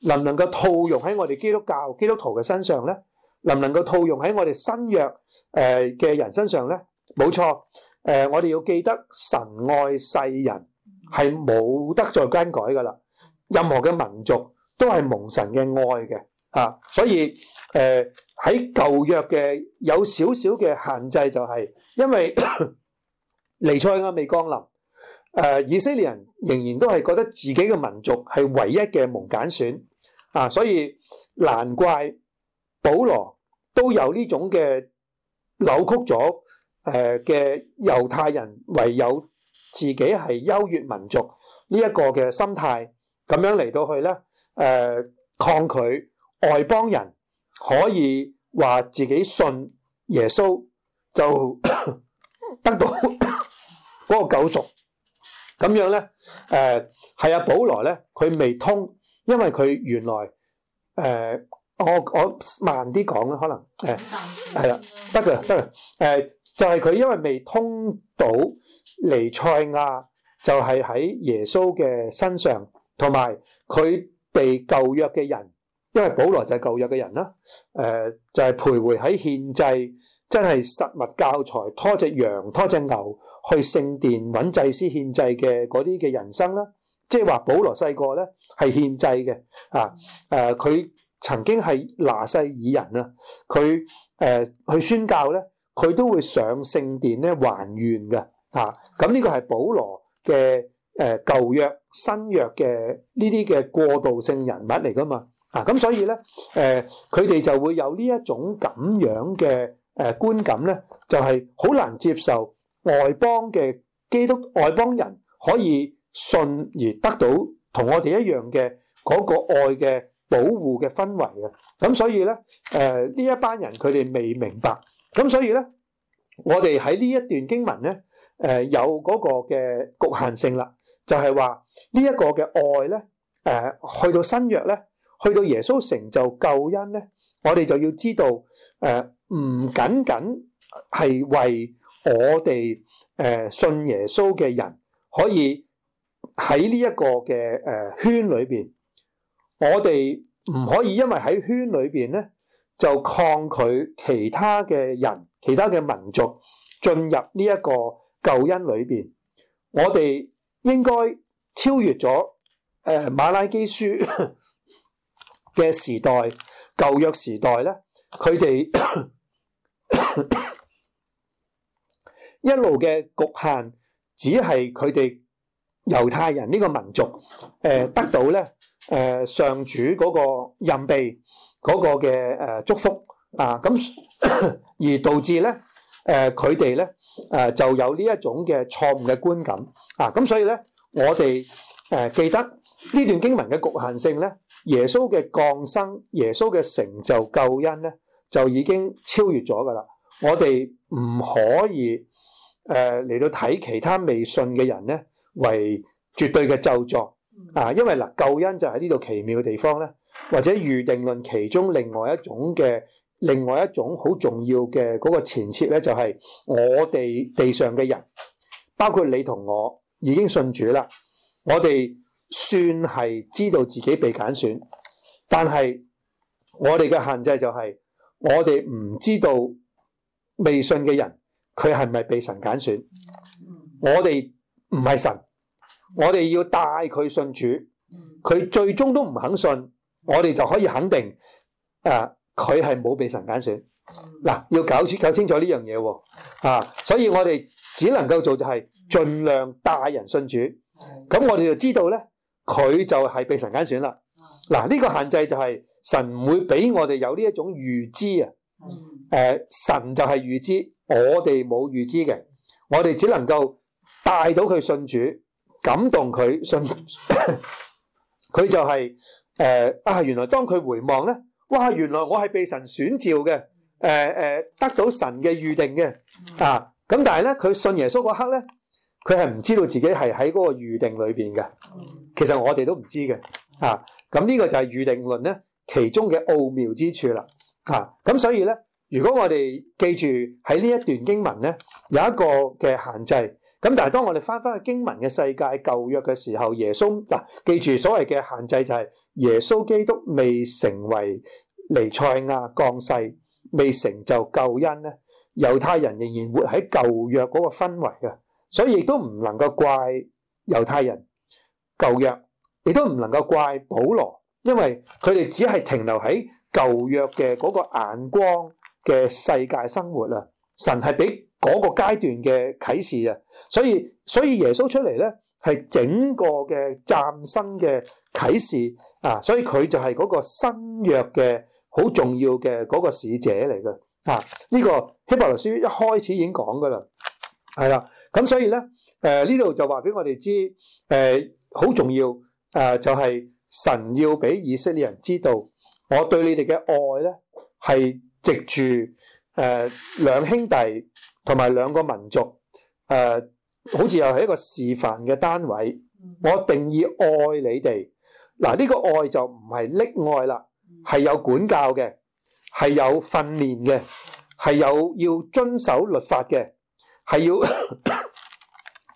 A: 能唔能夠套用喺我哋基督教基督徒嘅身上咧？能唔能夠套用喺我哋新約誒嘅人身上咧？冇錯，誒我哋要記得神愛世人。係冇得再更改㗎喇，任何嘅民族都係蒙神嘅愛嘅，所以誒喺舊約嘅有少少嘅限制就係，因為 (coughs) 彌賽亞未降臨，以色列人仍然都係覺得自己嘅民族係唯一嘅蒙揀選，啊，所以難怪保羅都有呢種嘅扭曲咗誒嘅猶太人唯有。自己係優越民族呢一、這個嘅心態，咁樣嚟到去咧，誒、呃、抗拒外邦人可以話自己信耶穌就呵呵得到嗰、那個救贖。咁樣咧，誒、呃、係啊保羅呢，保羅咧佢未通，因為佢原來誒、呃、我我慢啲講啦，可能係係啦，得噶得噶，誒、呃、就係、是、佢因為未通到。尼塞亞就係喺耶穌嘅身上，同埋佢被舊約嘅人，因為保羅就係舊約嘅人啦。誒、呃、就係、是、徘徊喺獻祭，真係實物教材，拖隻羊，拖隻牛去聖殿揾祭司獻祭嘅嗰啲嘅人生啦。即係話保羅細個咧係獻祭嘅啊。誒、呃、佢曾經係拿細耳人啦，佢誒去宣教咧，佢都會上聖殿咧還願嘅。啊，咁、這、呢個係保羅嘅誒、呃、舊約、新約嘅呢啲嘅過渡性人物嚟噶嘛。啊，咁所以咧，誒佢哋就會有呢一種咁樣嘅誒、呃、觀感咧，就係、是、好難接受外邦嘅基督外邦人可以信而得到同我哋一樣嘅嗰、那個愛嘅保護嘅氛圍嘅。咁、啊、所以咧，誒、呃、呢一班人佢哋未明白。咁、啊、所以咧，我哋喺呢一段經文咧。誒有嗰個嘅局限性啦，就係話呢一個嘅愛咧，誒去到新約咧，去到耶穌成就救恩咧，我哋就要知道，誒唔僅僅係為我哋誒信耶穌嘅人可以喺呢一個嘅誒圈裏邊，我哋唔可以因為喺圈裏邊咧就抗拒其他嘅人、其他嘅民族進入呢一個。救恩裏邊，我哋應該超越咗誒馬拉基書嘅時代，舊約時代咧，佢哋一路嘅局限，只係佢哋猶太人呢個民族誒得到咧誒上主嗰個恩庇嗰個嘅誒祝福啊，咁而導致咧誒佢哋咧。誒、啊，就有呢一種嘅錯誤嘅觀感啊！咁所以咧，我哋誒、啊、記得呢段經文嘅局限性咧，耶穌嘅降生、耶穌嘅成就、救恩咧，就已經超越咗噶啦。我哋唔可以誒嚟、啊、到睇其他未信嘅人咧為絕對嘅咒作啊！因為嗱，救恩就喺呢度奇妙嘅地方咧，或者預定論其中另外一種嘅。另外一種好重要嘅嗰個前設咧，就係我哋地上嘅人，包括你同我，已經信主啦。我哋算係知道自己被揀選，但係我哋嘅限制就係，我哋唔知道未信嘅人佢係咪被神揀選。我哋唔係神，我哋要帶佢信主，佢最終都唔肯信，我哋就可以肯定，啊，佢係冇被神揀選，嗱，要搞清搞清楚呢樣嘢喎。啊，所以我哋只能夠做就係盡量帶人信主，咁我哋就知道咧，佢就係被神揀選啦。嗱，呢個限制就係神唔會俾我哋有呢一種預知啊，誒，神就係預知，我哋冇預知嘅，我哋只能夠帶到佢信主，感動佢信，佢 (laughs) 就係誒，啊，原來當佢回望咧。哇！原來我係被神選召嘅，誒誒得到神嘅預定嘅啊！咁但係咧，佢信耶穌嗰刻咧，佢係唔知道自己係喺嗰個預定裏邊嘅。其實我哋都唔知嘅啊！咁呢個就係預定論咧，其中嘅奧妙之處啦！啊！咁所以咧，如果我哋記住喺呢一段經文咧有一個嘅限制。咁但係當我哋翻翻去經文嘅世界舊約嘅時候，耶穌，嗱，記住所謂嘅限制就係耶穌基督未成為彌賽亞降世，未成就救恩咧，猶太人仍然活喺舊約嗰個氛圍嘅，所以亦都唔能夠怪猶太人舊約，亦都唔能夠怪保羅，因為佢哋只係停留喺舊約嘅嗰個眼光嘅世界生活啦，神係俾。嗰、那個階段嘅啟示，啟示啊，所以所以耶穌出嚟咧，係整個嘅贖生嘅啟示啊，所以佢就係嗰個新約嘅好重要嘅嗰個使者嚟嘅啊！呢、這個希伯來書一開始已經講噶啦，係啦，咁所以咧，誒呢度就話俾我哋知，誒、呃、好重要啊、呃，就係、是、神要俾以色列人知道，我對你哋嘅愛咧係藉住誒兩兄弟。同埋兩個民族，誒，好似又係一個示範嘅單位。我定義愛你哋，嗱，呢個愛就唔係溺愛啦，係有管教嘅，係有訓練嘅，係有要遵守律法嘅，係要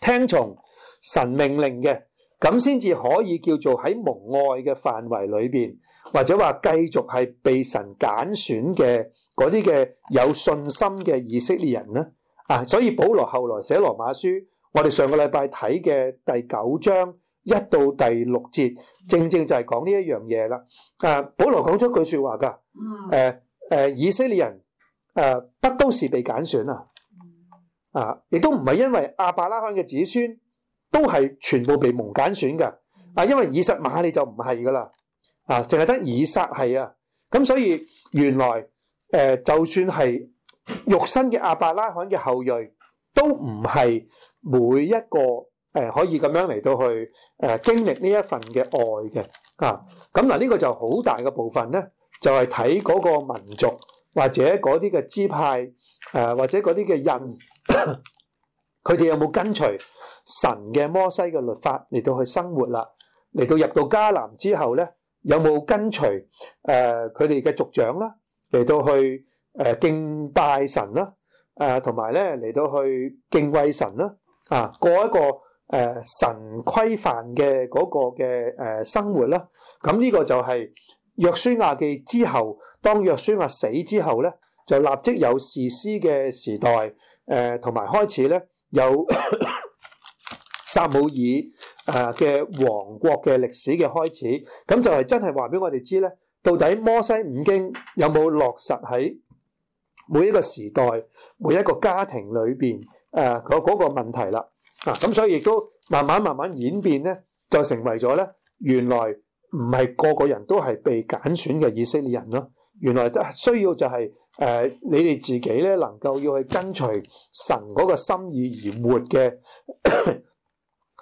A: 聽從神命令嘅，咁先至可以叫做喺蒙愛嘅範圍裏邊，或者話繼續係被神揀選嘅嗰啲嘅有信心嘅以色列人呢。啊！所以保羅後來寫羅馬書，我哋上個禮拜睇嘅第九章一到第六節，正正就係講呢一樣嘢啦。啊，保羅講咗句說話噶，誒誒，以色列人誒、啊、不、啊、都是被揀選啊？啊，啊，亦都唔係因為阿伯拉罕嘅子孫都係全部被蒙揀選噶，啊，啊，因為以實瑪利就唔係噶啦，啊，淨係得以撒係啊。咁所以原來誒、啊，就算係。肉身嘅亞伯拉罕嘅後裔都唔係每一個誒可以咁樣嚟到去誒經歷呢一份嘅愛嘅啊。咁嗱呢個就好大嘅部分咧，就係睇嗰個民族或者嗰啲嘅支派誒或者嗰啲嘅人，佢哋有冇跟隨神嘅摩西嘅律法嚟到去生活啦？嚟到入到迦南之後咧，有冇跟隨誒佢哋嘅族長啦嚟到去？誒敬拜神啦、啊，誒同埋咧嚟到去敬畏神啦、啊，啊過一個誒、啊、神規範嘅嗰個嘅生活啦、啊。咁呢個就係約書亞記之後，當約書亞死之後咧，就立即有士師嘅時代，誒同埋開始咧有 (coughs) 撒母耳嘅王國嘅歷史嘅開始。咁就係真係話俾我哋知咧，到底摩西五經有冇落實喺？每一個時代，每一個家庭裏邊，誒，嗰嗰個問題啦，啊，咁所以亦都慢慢慢慢演變咧，就成為咗咧，原來唔係個個人都係被揀選嘅以色列人咯，原來就需要就係，誒，你哋自己咧，能夠要去跟隨神嗰個心意而活嘅，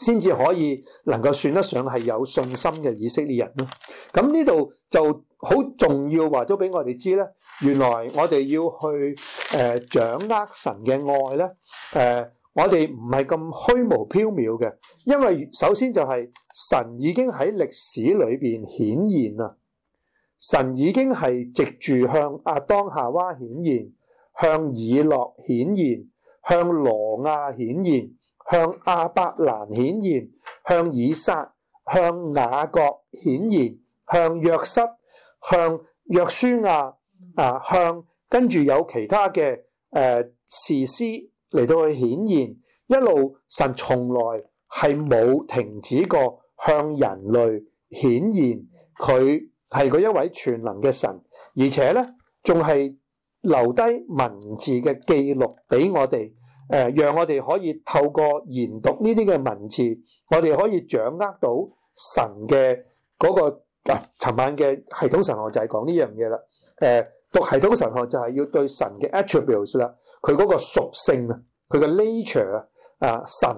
A: 先至可以能夠算得上係有信心嘅以色列人咯。咁呢度就好重要，話咗俾我哋知咧。原來我哋要去誒、呃、掌握神嘅愛呢。誒、呃、我哋唔係咁虛無縹緲嘅，因為首先就係神已經喺歷史裏面顯現啊！神已經係藉住向阿當夏娃顯現，向以諾顯現，向羅亞顯現，向阿伯蘭顯現，向以撒、向雅各顯現，向約瑟、向約書亞。啊！向跟住有其他嘅誒、呃、事事嚟到去顯現，一路神從來係冇停止過向人類顯現。佢係嗰一位全能嘅神，而且咧仲係留低文字嘅記錄俾我哋、呃、讓我哋可以透過研讀呢啲嘅文字，我哋可以掌握到神嘅嗰、嗰個尋、啊、晚嘅系統神學我就係講呢樣嘢啦。誒讀系統神學就係要對神嘅 attributes 啦，佢嗰個屬性啊，佢嘅 nature 啊，啊神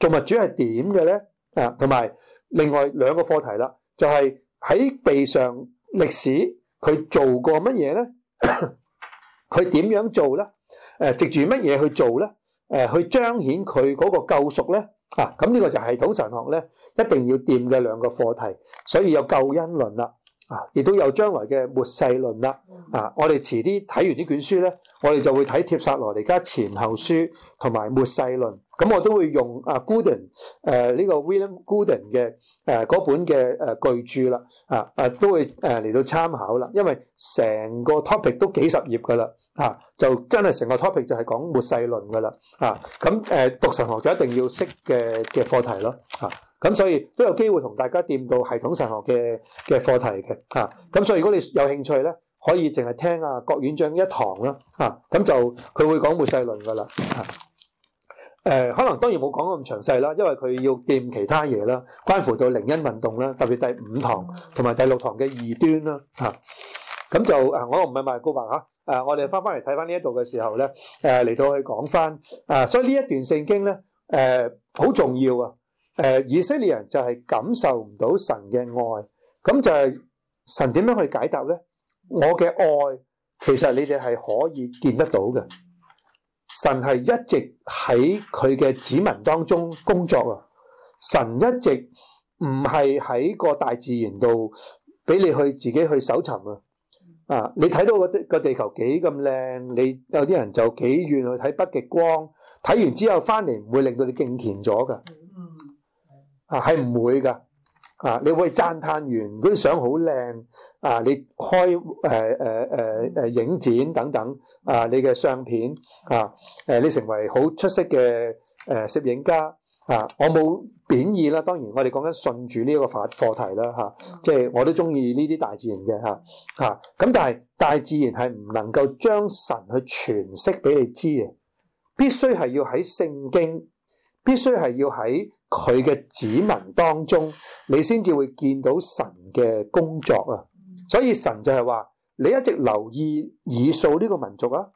A: 造物主係點嘅咧？啊，同埋另外兩個課題啦，就係、是、喺地上歷史佢做過乜嘢咧？佢點樣做咧？誒、啊，藉住乜嘢去做咧、啊？去彰顯佢嗰個救贖咧？啊，咁、這、呢個就係系統神學咧，一定要掂嘅兩個課題，所以有救恩論啦。啊！亦都有將來嘅末世論啦。啊，我哋遲啲睇完呢卷書咧，我哋就會睇帖撒羅尼加前後書同埋末世論。咁、啊、我都會用阿、啊、Gooden 誒、啊、呢、這個 William Gooden 嘅誒嗰本嘅誒巨著啦。啊啊,啊都會誒嚟、啊、到參考啦，因為成個 topic 都幾十頁噶啦。啊，就真係成個 topic 就係講末世論噶啦。啊，咁、啊、誒讀神學就一定要識嘅嘅課題咯。啊。咁所以都有機會同大家掂到系統神學嘅嘅課題嘅。咁、啊、所以如果你有興趣咧，可以淨係聽啊郭院長一堂啦、啊、咁、啊、就佢會講末世論噶啦、啊啊、可能當然冇講咁詳細啦，因為佢要掂其他嘢啦，關乎到靈恩運動啦，特別第五堂同埋第六堂嘅二端啦咁、啊、就我唔係賣高白嚇、啊啊，我哋翻翻嚟睇翻呢一度嘅時候咧，嚟、啊、到去講翻啊，所以呢一段聖經咧，好、啊、重要啊！誒，以色列人就係感受唔到神嘅愛，咁就係神點樣去解答呢？我嘅愛其實你哋係可以見得到嘅。神係一直喺佢嘅子民當中工作啊！神一直唔係喺個大自然度俾你去自己去搜尋啊！啊，你睇到個個地球幾咁靚，你有啲人就幾遠去睇北極光，睇完之後翻嚟唔會令到你敬虔咗噶。啊，係唔會㗎！啊，你會讚歎完啲相好靚，啊，你開誒誒誒誒影展等等，啊、呃，你嘅相片，啊，誒，你成為好出色嘅誒攝影家，啊，我冇貶義啦。當然我講着順着，我哋講緊順住呢一個課課題啦，嚇，即係我都中意呢啲大自然嘅嚇嚇。咁、啊、但係大自然係唔能夠將神去詮釋俾你知嘅，必須係要喺聖經，必須係要喺。佢嘅子民當中，你先至會見到神嘅工作啊！所以神就係話，你一直留意以掃呢個民族啊，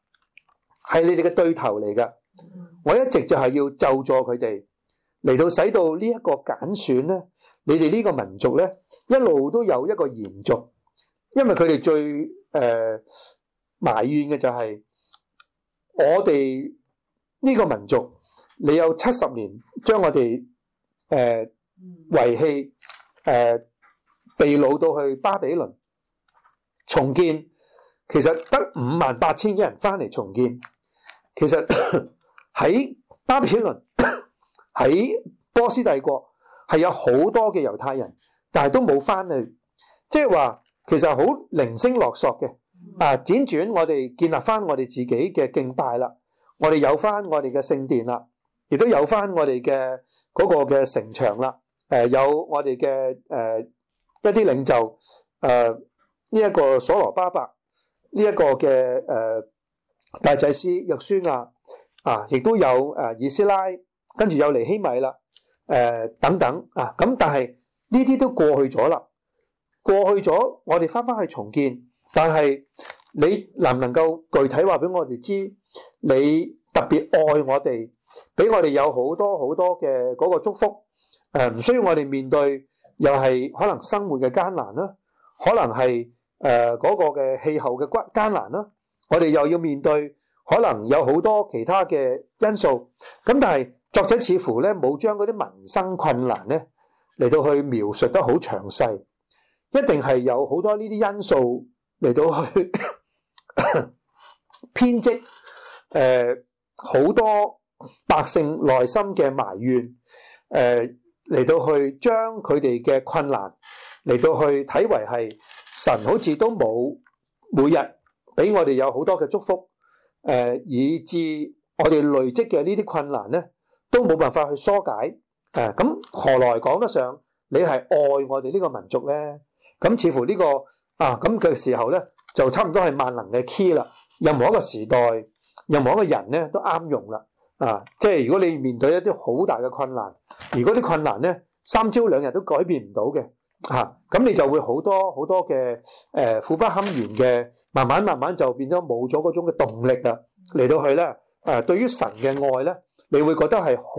A: 係你哋嘅對頭嚟嘅。我一直就係要就助佢哋，嚟到使到呢一個揀選呢。你哋呢個民族呢，一路都有一個延續。因為佢哋最誒、呃、埋怨嘅就係、是，我哋呢個民族，你有七十年將我哋。誒、呃、遺棄，誒被擄到去巴比倫重建，其實得五萬八千幾人翻嚟重建。其實喺 (laughs) 巴比倫喺 (laughs) 波斯帝國係有好多嘅猶太人，但係都冇翻去，即係話其實好零星落索嘅。啊，輾轉我哋建立翻我哋自己嘅敬拜啦，我哋有翻我哋嘅聖殿啦。亦都有翻我哋嘅嗰個嘅城牆啦，誒，有我哋嘅誒一啲領袖，誒呢一個所羅巴伯，呢一個嘅誒大祭司約書亞，啊，亦都有誒以斯拉，跟住有尼希米啦，誒等等，啊，咁但係呢啲都過去咗啦，過去咗，我哋翻翻去重建，但係你能唔能夠具體話俾我哋知，你特別愛我哋？俾我哋有好多好多嘅嗰個祝福，誒，唔需要我哋面對，又係可能生活嘅艱難啦，可能係誒嗰個嘅氣候嘅骨艱難啦，我哋又要面對，可能有好多其他嘅因素，咁但係作者似乎咧冇將嗰啲民生困難咧嚟到去描述得好詳細，一定係有好多呢啲因素嚟到去編織，誒好多。百姓內心嘅埋怨，誒、呃、嚟到去將佢哋嘅困難嚟到去睇為係神好似都冇每日俾我哋有好多嘅祝福，誒、呃、以致我哋累積嘅呢啲困難呢都冇辦法去疏解，誒、呃、咁何來講得上你係愛我哋呢個民族呢？咁似乎呢、呢個啊咁嘅時候呢就差唔多係萬能嘅 key 啦，任何一個時代，任何一個人呢都啱用啦。啊，即係如果你面對一啲好大嘅困難，如果啲困難咧三朝兩日都改變唔到嘅，吓、啊、咁你就會好多好多嘅誒、呃、苦不堪言嘅，慢慢慢慢就變咗冇咗嗰種嘅動力啊嚟到去咧，誒、啊、對於神嘅愛咧，你會覺得係好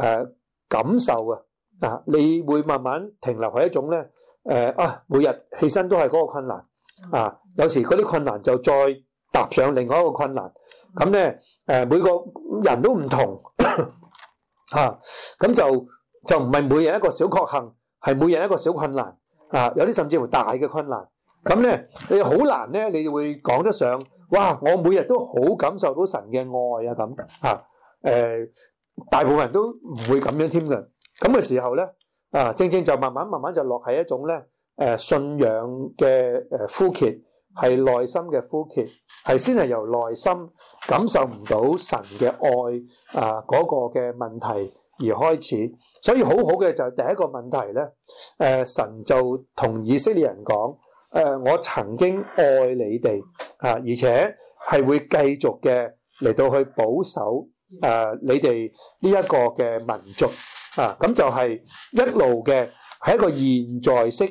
A: 誒感受嘅、啊、你會慢慢停留喺一種咧誒啊，每日起身都係嗰個困難啊，有時嗰啲困難就再踏上另外一個困難。咁咧，誒、呃、每個人都唔同嚇，咁、 (coughs) 啊、就就唔係每日一個小確幸，係每日一個小困難啊！有啲甚至乎大嘅困難。咁咧，你好難咧，你會講得上哇！我每日都好感受到神嘅愛啊！咁嚇誒，大部分人都唔會咁樣添嘅。咁嘅時候咧，啊，正正就慢慢慢慢就落喺一種咧誒、呃、信仰嘅誒枯竭。係內心嘅呼吸，係先係由內心感受唔到神嘅愛啊嗰個嘅問題而開始。所以好好嘅就係第一個問題咧。誒神就同以色列人講：誒我曾經愛你哋啊，而且係會繼續嘅嚟到去保守誒你哋呢一個嘅民族啊。咁就係一路嘅係一個現在式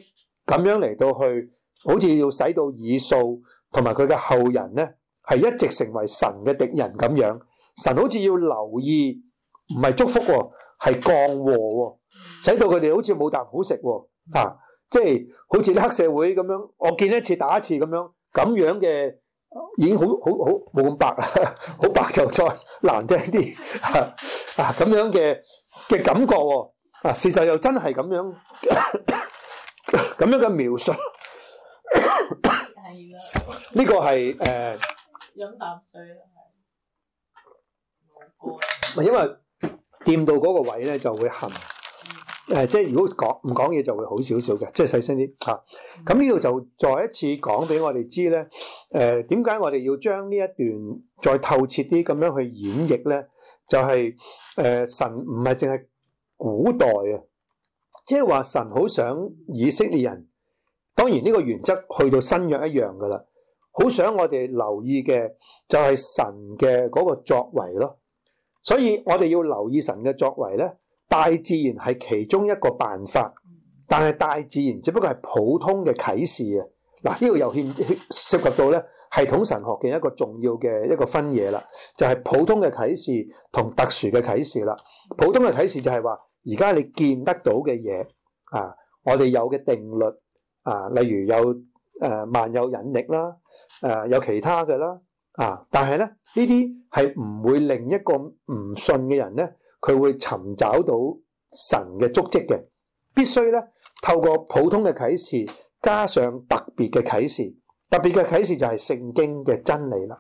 A: 咁樣嚟到去。好似要使到以掃同埋佢嘅後人呢，係一直成為神嘅敵人咁樣。神好似要留意，唔係祝福喎，係降禍喎，使到佢哋好似冇啖好食喎。啊，即係好似啲黑社會咁樣，我見一次打一次咁樣。咁樣嘅已經好好好冇咁白喇，好白就再難聽啲。啊，咁樣嘅嘅感覺喎。啊，事實又真係咁樣咁樣嘅描述。係呢、呢個係誒，飲啖水啦，係、呃，因為掂到嗰個位咧，就會痕。誒、嗯呃，即係如果講唔講嘢就會好少少嘅，即係細聲啲吓。咁呢度就再一次講俾我哋知咧，誒、呃，點解我哋要將呢一段再透徹啲咁樣去演繹咧？就係、是、誒、呃，神唔係淨係古代啊，即係話神好想以色列人。當然呢個原則去到新約一樣噶啦，好想我哋留意嘅就係神嘅嗰個作為咯。所以我哋要留意神嘅作為咧，大自然係其中一個辦法，但係大自然只不過係普通嘅啟示啊。嗱，呢個又牽涉及到咧，系統神學嘅一個重要嘅一個分野啦，就係普通嘅啟示同特殊嘅啟示啦。普通嘅啟示就係話而家你見得到嘅嘢啊，我哋有嘅定律。啊，例如有誒呃、萬有引力啦，誒、啊、有其他嘅啦，啊！但係咧，呢啲係唔會令一個唔信嘅人咧，佢會尋找到神嘅足跡嘅。必須咧，透過普通嘅啟示加上特別嘅啟示，特別嘅啟示就係聖經嘅真理啦。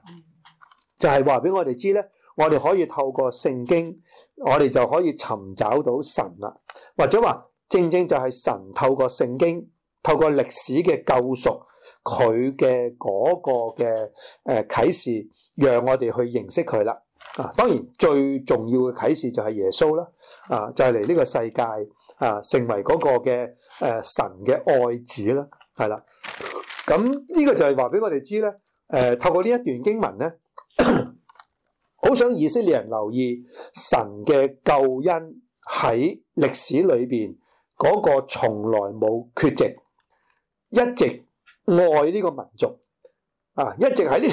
A: 就係話俾我哋知咧，我哋可以透過聖經，我哋就可以尋找到神啦。或者話，正正就係神透過聖經。透過歷史嘅救贖，佢嘅嗰個嘅誒啟示，讓我哋去認識佢啦。啊，當然最重要嘅啟示就係耶穌啦。啊，就係嚟呢個世界啊，成為嗰個嘅誒、啊、神嘅愛子啦。係啦，咁呢、呢個就係話俾我哋知咧。誒、呃，透過呢一段經文咧，好想以色列人留意神嘅救恩喺歷史裏邊嗰個從來冇缺席。一直愛呢個民族，啊，一直喺呢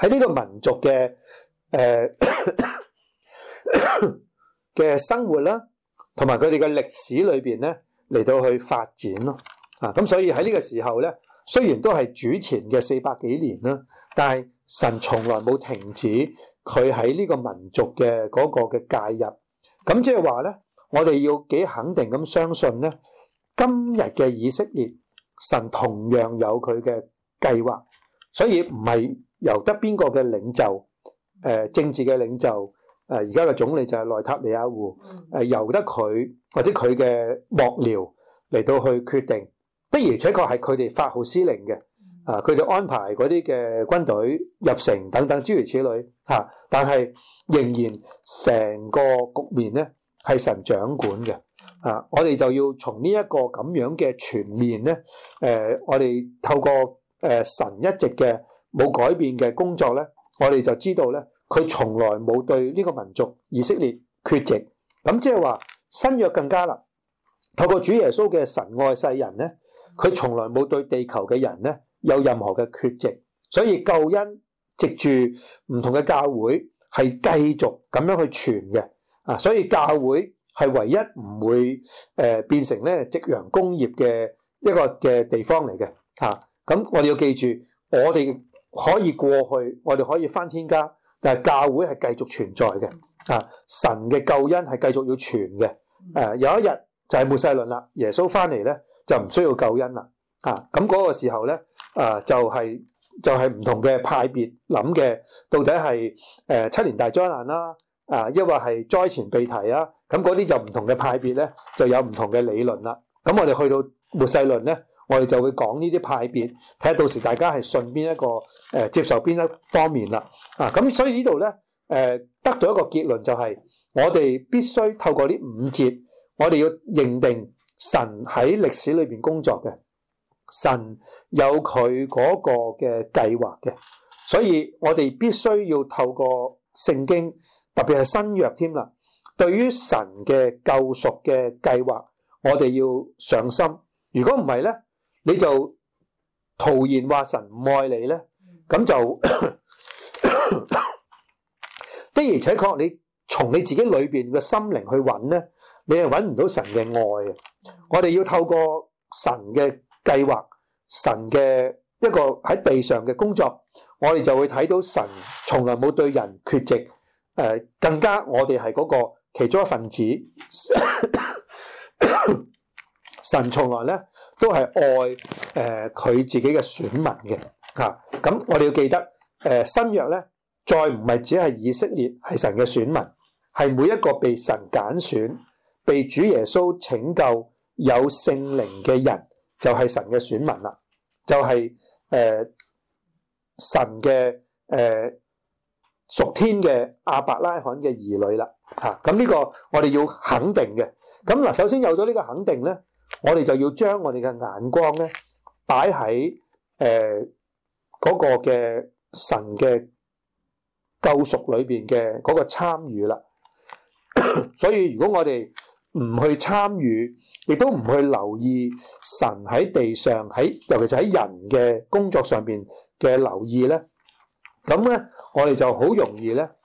A: 喺呢個民族嘅、誒嘅生活啦，同埋佢哋嘅歷史裏邊咧，嚟到去發展咯，啊，咁所以喺呢個時候咧，雖然都係主前嘅四百幾年啦，但係神從來冇停止佢喺呢個民族嘅嗰個嘅介入，咁即係話咧，我哋要幾肯定咁相信咧。今日嘅以色列，神同樣有佢嘅計劃，所以唔係由得邊個嘅領袖，誒政治嘅領袖，誒而家嘅總理就係內塔尼亞胡，誒由得佢或者佢嘅幕僚嚟到去決定，的而且確係佢哋發號施令嘅，啊佢哋安排嗰啲嘅軍隊入城等等諸如此類吓，但係仍然成個局面咧係神掌管嘅。啊！我哋就要從呢一個咁樣嘅全面咧，誒、呃，我哋透過、呃、神一直嘅冇改變嘅工作咧，我哋就知道咧，佢從來冇對呢個民族以色列缺席。咁即係話新約更加啦，透過主耶穌嘅神愛世人咧，佢從來冇對地球嘅人咧有任何嘅缺席。所以救恩藉住唔同嘅教會係繼續咁樣去傳嘅啊，所以教會。係唯一唔會誒變成咧夕陽工業嘅一個嘅地方嚟嘅。咁我哋要記住，我哋可以過去，我哋可以翻天家，但係教會係繼續存在嘅、啊、神嘅救恩係繼續要傳嘅、啊。有一日就係末世論啦，耶穌翻嚟咧就唔需要救恩啦。咁嗰個時候咧啊就係、是、就係、是、唔同嘅派別諗嘅，到底係七年大災難啦啊，抑、啊、或係災前被提啊？咁嗰啲就唔同嘅派別咧，就有唔同嘅理論啦。咁我哋去到末世論咧，我哋就會講呢啲派別，睇下到時大家係信邊一個誒、呃、接受邊一方面啦。啊，咁所以呢度咧，誒得到一個結論就係，我哋必須透過呢五節，我哋要認定神喺歷史裏邊工作嘅，神有佢嗰個嘅計劃嘅，所以我哋必須要透過聖經，特別係新約添啦。對於神嘅救贖嘅計劃，我哋要上心。如果唔係咧，你就徒然話神唔愛你咧，咁就的而且確你從你自己裏邊嘅心靈去揾咧，你係揾唔到神嘅愛啊！我哋要透過神嘅計劃、神嘅一個喺地上嘅工作，我哋就會睇到神從來冇對人缺席。誒，更加我哋係嗰個。其中一份子，神從來咧都係愛誒佢、呃、自己嘅選民嘅吓，咁、啊、我哋要記得誒、呃、新約咧，再唔係只係以色列係神嘅選民，係每一個被神揀選、被主耶穌拯救有聖靈嘅人，就係、是、神嘅選民啦，就係、是、誒、呃、神嘅誒、呃、屬天嘅亞伯拉罕嘅兒女啦。嚇！咁呢個我哋要肯定嘅。咁嗱，首先有咗呢個肯定咧，我哋就要將我哋嘅眼光咧擺喺誒嗰個嘅神嘅救贖裏邊嘅嗰個參與啦。所以如果我哋唔去參與，亦都唔去留意神喺地上喺，尤其是喺人嘅工作上邊嘅留意咧，咁咧我哋就好容易咧。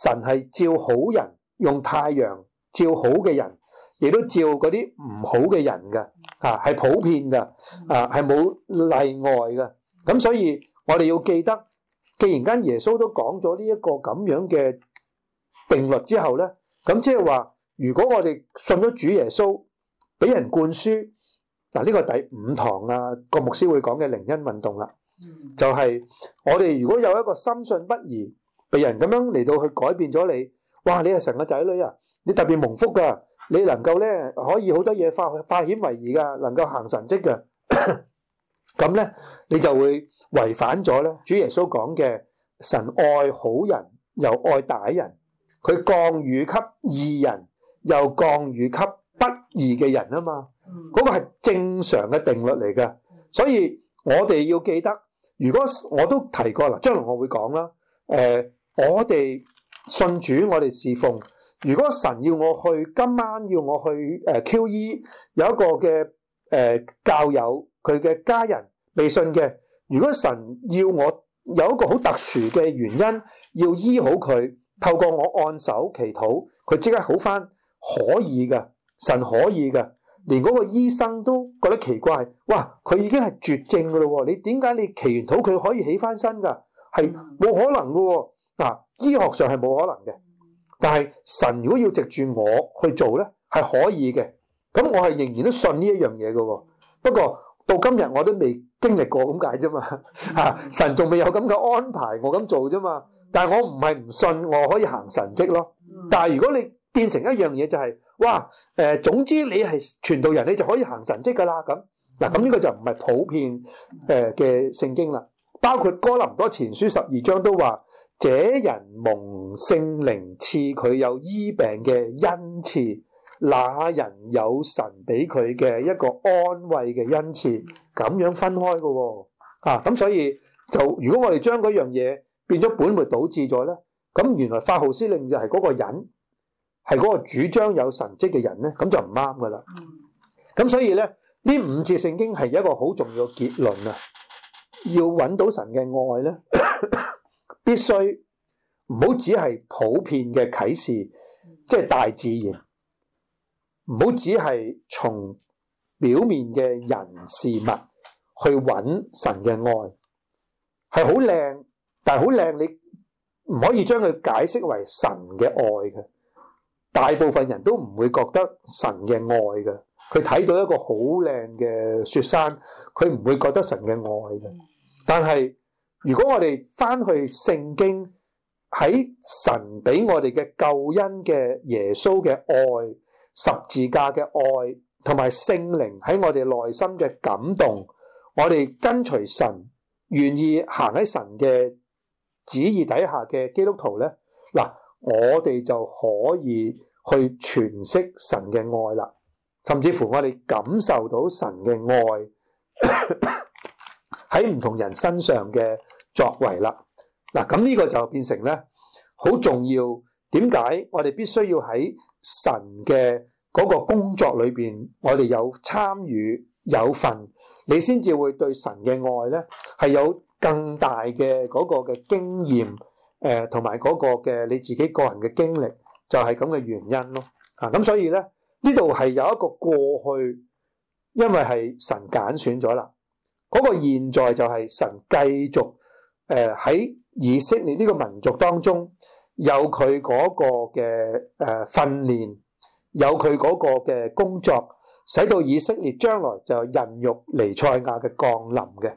A: 神係照好人，用太陽照好嘅人，亦都照嗰啲唔好嘅人嘅，啊係普遍噶，啊係冇例外嘅。咁所以我哋要記得，既然間耶穌都講咗呢一個咁樣嘅定律之後咧，咁即係話，如果我哋信咗主耶穌，俾人灌輸嗱呢個第五堂啊郭牧師會講嘅靈恩運動啦，就係、是、我哋如果有一個深信不疑。被人咁樣嚟到去改變咗你，哇！你係神嘅仔女啊，你特別蒙福㗎，你能夠咧可以好多嘢化化險為夷㗎，能夠行神蹟㗎。咁咧 (coughs) 你就會違反咗咧主耶穌講嘅神愛好人又愛歹人，佢降雨給義人又降雨給不義嘅人啊嘛。嗰、嗯這個係正常嘅定律嚟㗎。所以我哋要記得，如果我都提過啦，將來我會講啦，誒、呃。我哋信主，我哋侍奉。如果神要我去，今晚要我去誒、呃、Q.E 有一個嘅誒、呃、教友，佢嘅家人未信嘅。如果神要我有一個好特殊嘅原因，要醫好佢，透過我按手祈禱，佢即刻好翻，可以嘅，神可以嘅。連嗰個醫生都覺得奇怪，哇！佢已經係絕症噶咯！你點解你祈完禱佢可以起翻身噶？係冇可能噶、哦。嗱，醫學上係冇可能嘅，但係神如果要藉住我去做呢，係可以嘅。咁我係仍然都信呢一樣嘢嘅。不過到今日我都未經歷過咁解啫嘛。吓、啊，神仲未有咁嘅安排，我咁做啫嘛。但係我唔係唔信我可以行神蹟咯。但係如果你變成一樣嘢就係、是，哇，誒、呃，總之你係傳道人，你就可以行神蹟噶啦。咁嗱，咁、啊、呢個就唔係普遍誒嘅、呃、聖經啦。包括哥林多前書十二章都話。這人蒙聖靈賜佢有醫病嘅恩賜；那人有神俾佢嘅一個安慰嘅恩賜。咁樣分開嘅喎、哦。咁、啊、所以就如果我哋將嗰樣嘢變咗本末倒置咗呢？咁原來發號施令就係嗰個人，係嗰個主張有神蹟嘅人呢。咁就唔啱噶啦。咁所以呢，呢五節聖經係一個好重要嘅結論啊，要揾到神嘅愛呢。 (coughs) 必須唔好只係普遍嘅啟示，即係大自然，唔好只係從表面嘅人事物去揾神嘅愛，係好靚，但係好靚你唔可以將佢解釋為神嘅愛嘅。大部分人都唔會覺得神嘅愛嘅，佢睇到一個好靚嘅雪山，佢唔會覺得神嘅愛嘅，但係。如果我哋翻去聖經，喺神俾我哋嘅救恩嘅耶穌嘅愛、十字架嘅愛，同埋聖靈喺我哋內心嘅感動，我哋跟隨神，願意行喺神嘅旨意底下嘅基督徒呢，嗱，我哋就可以去詮釋神嘅愛啦，甚至乎我哋感受到神嘅愛。 (coughs) 喺唔同人身上嘅作為啦，嗱，咁呢個就變成呢好重要。點解我哋必須要喺神嘅嗰個工作裏邊，我哋有參與有份，你先至會對神嘅愛呢係有更大嘅嗰個嘅經驗，誒同埋嗰個嘅你自己個人嘅經歷，就係咁嘅原因咯。啊，咁所以呢呢度係有一個過去，因為係神揀選咗啦。嗰個現在就係神繼續誒喺以色列呢個民族當中有佢嗰個嘅誒訓練，有佢嗰個嘅工作，使到以色列將來就孕育彌賽亞嘅降臨嘅。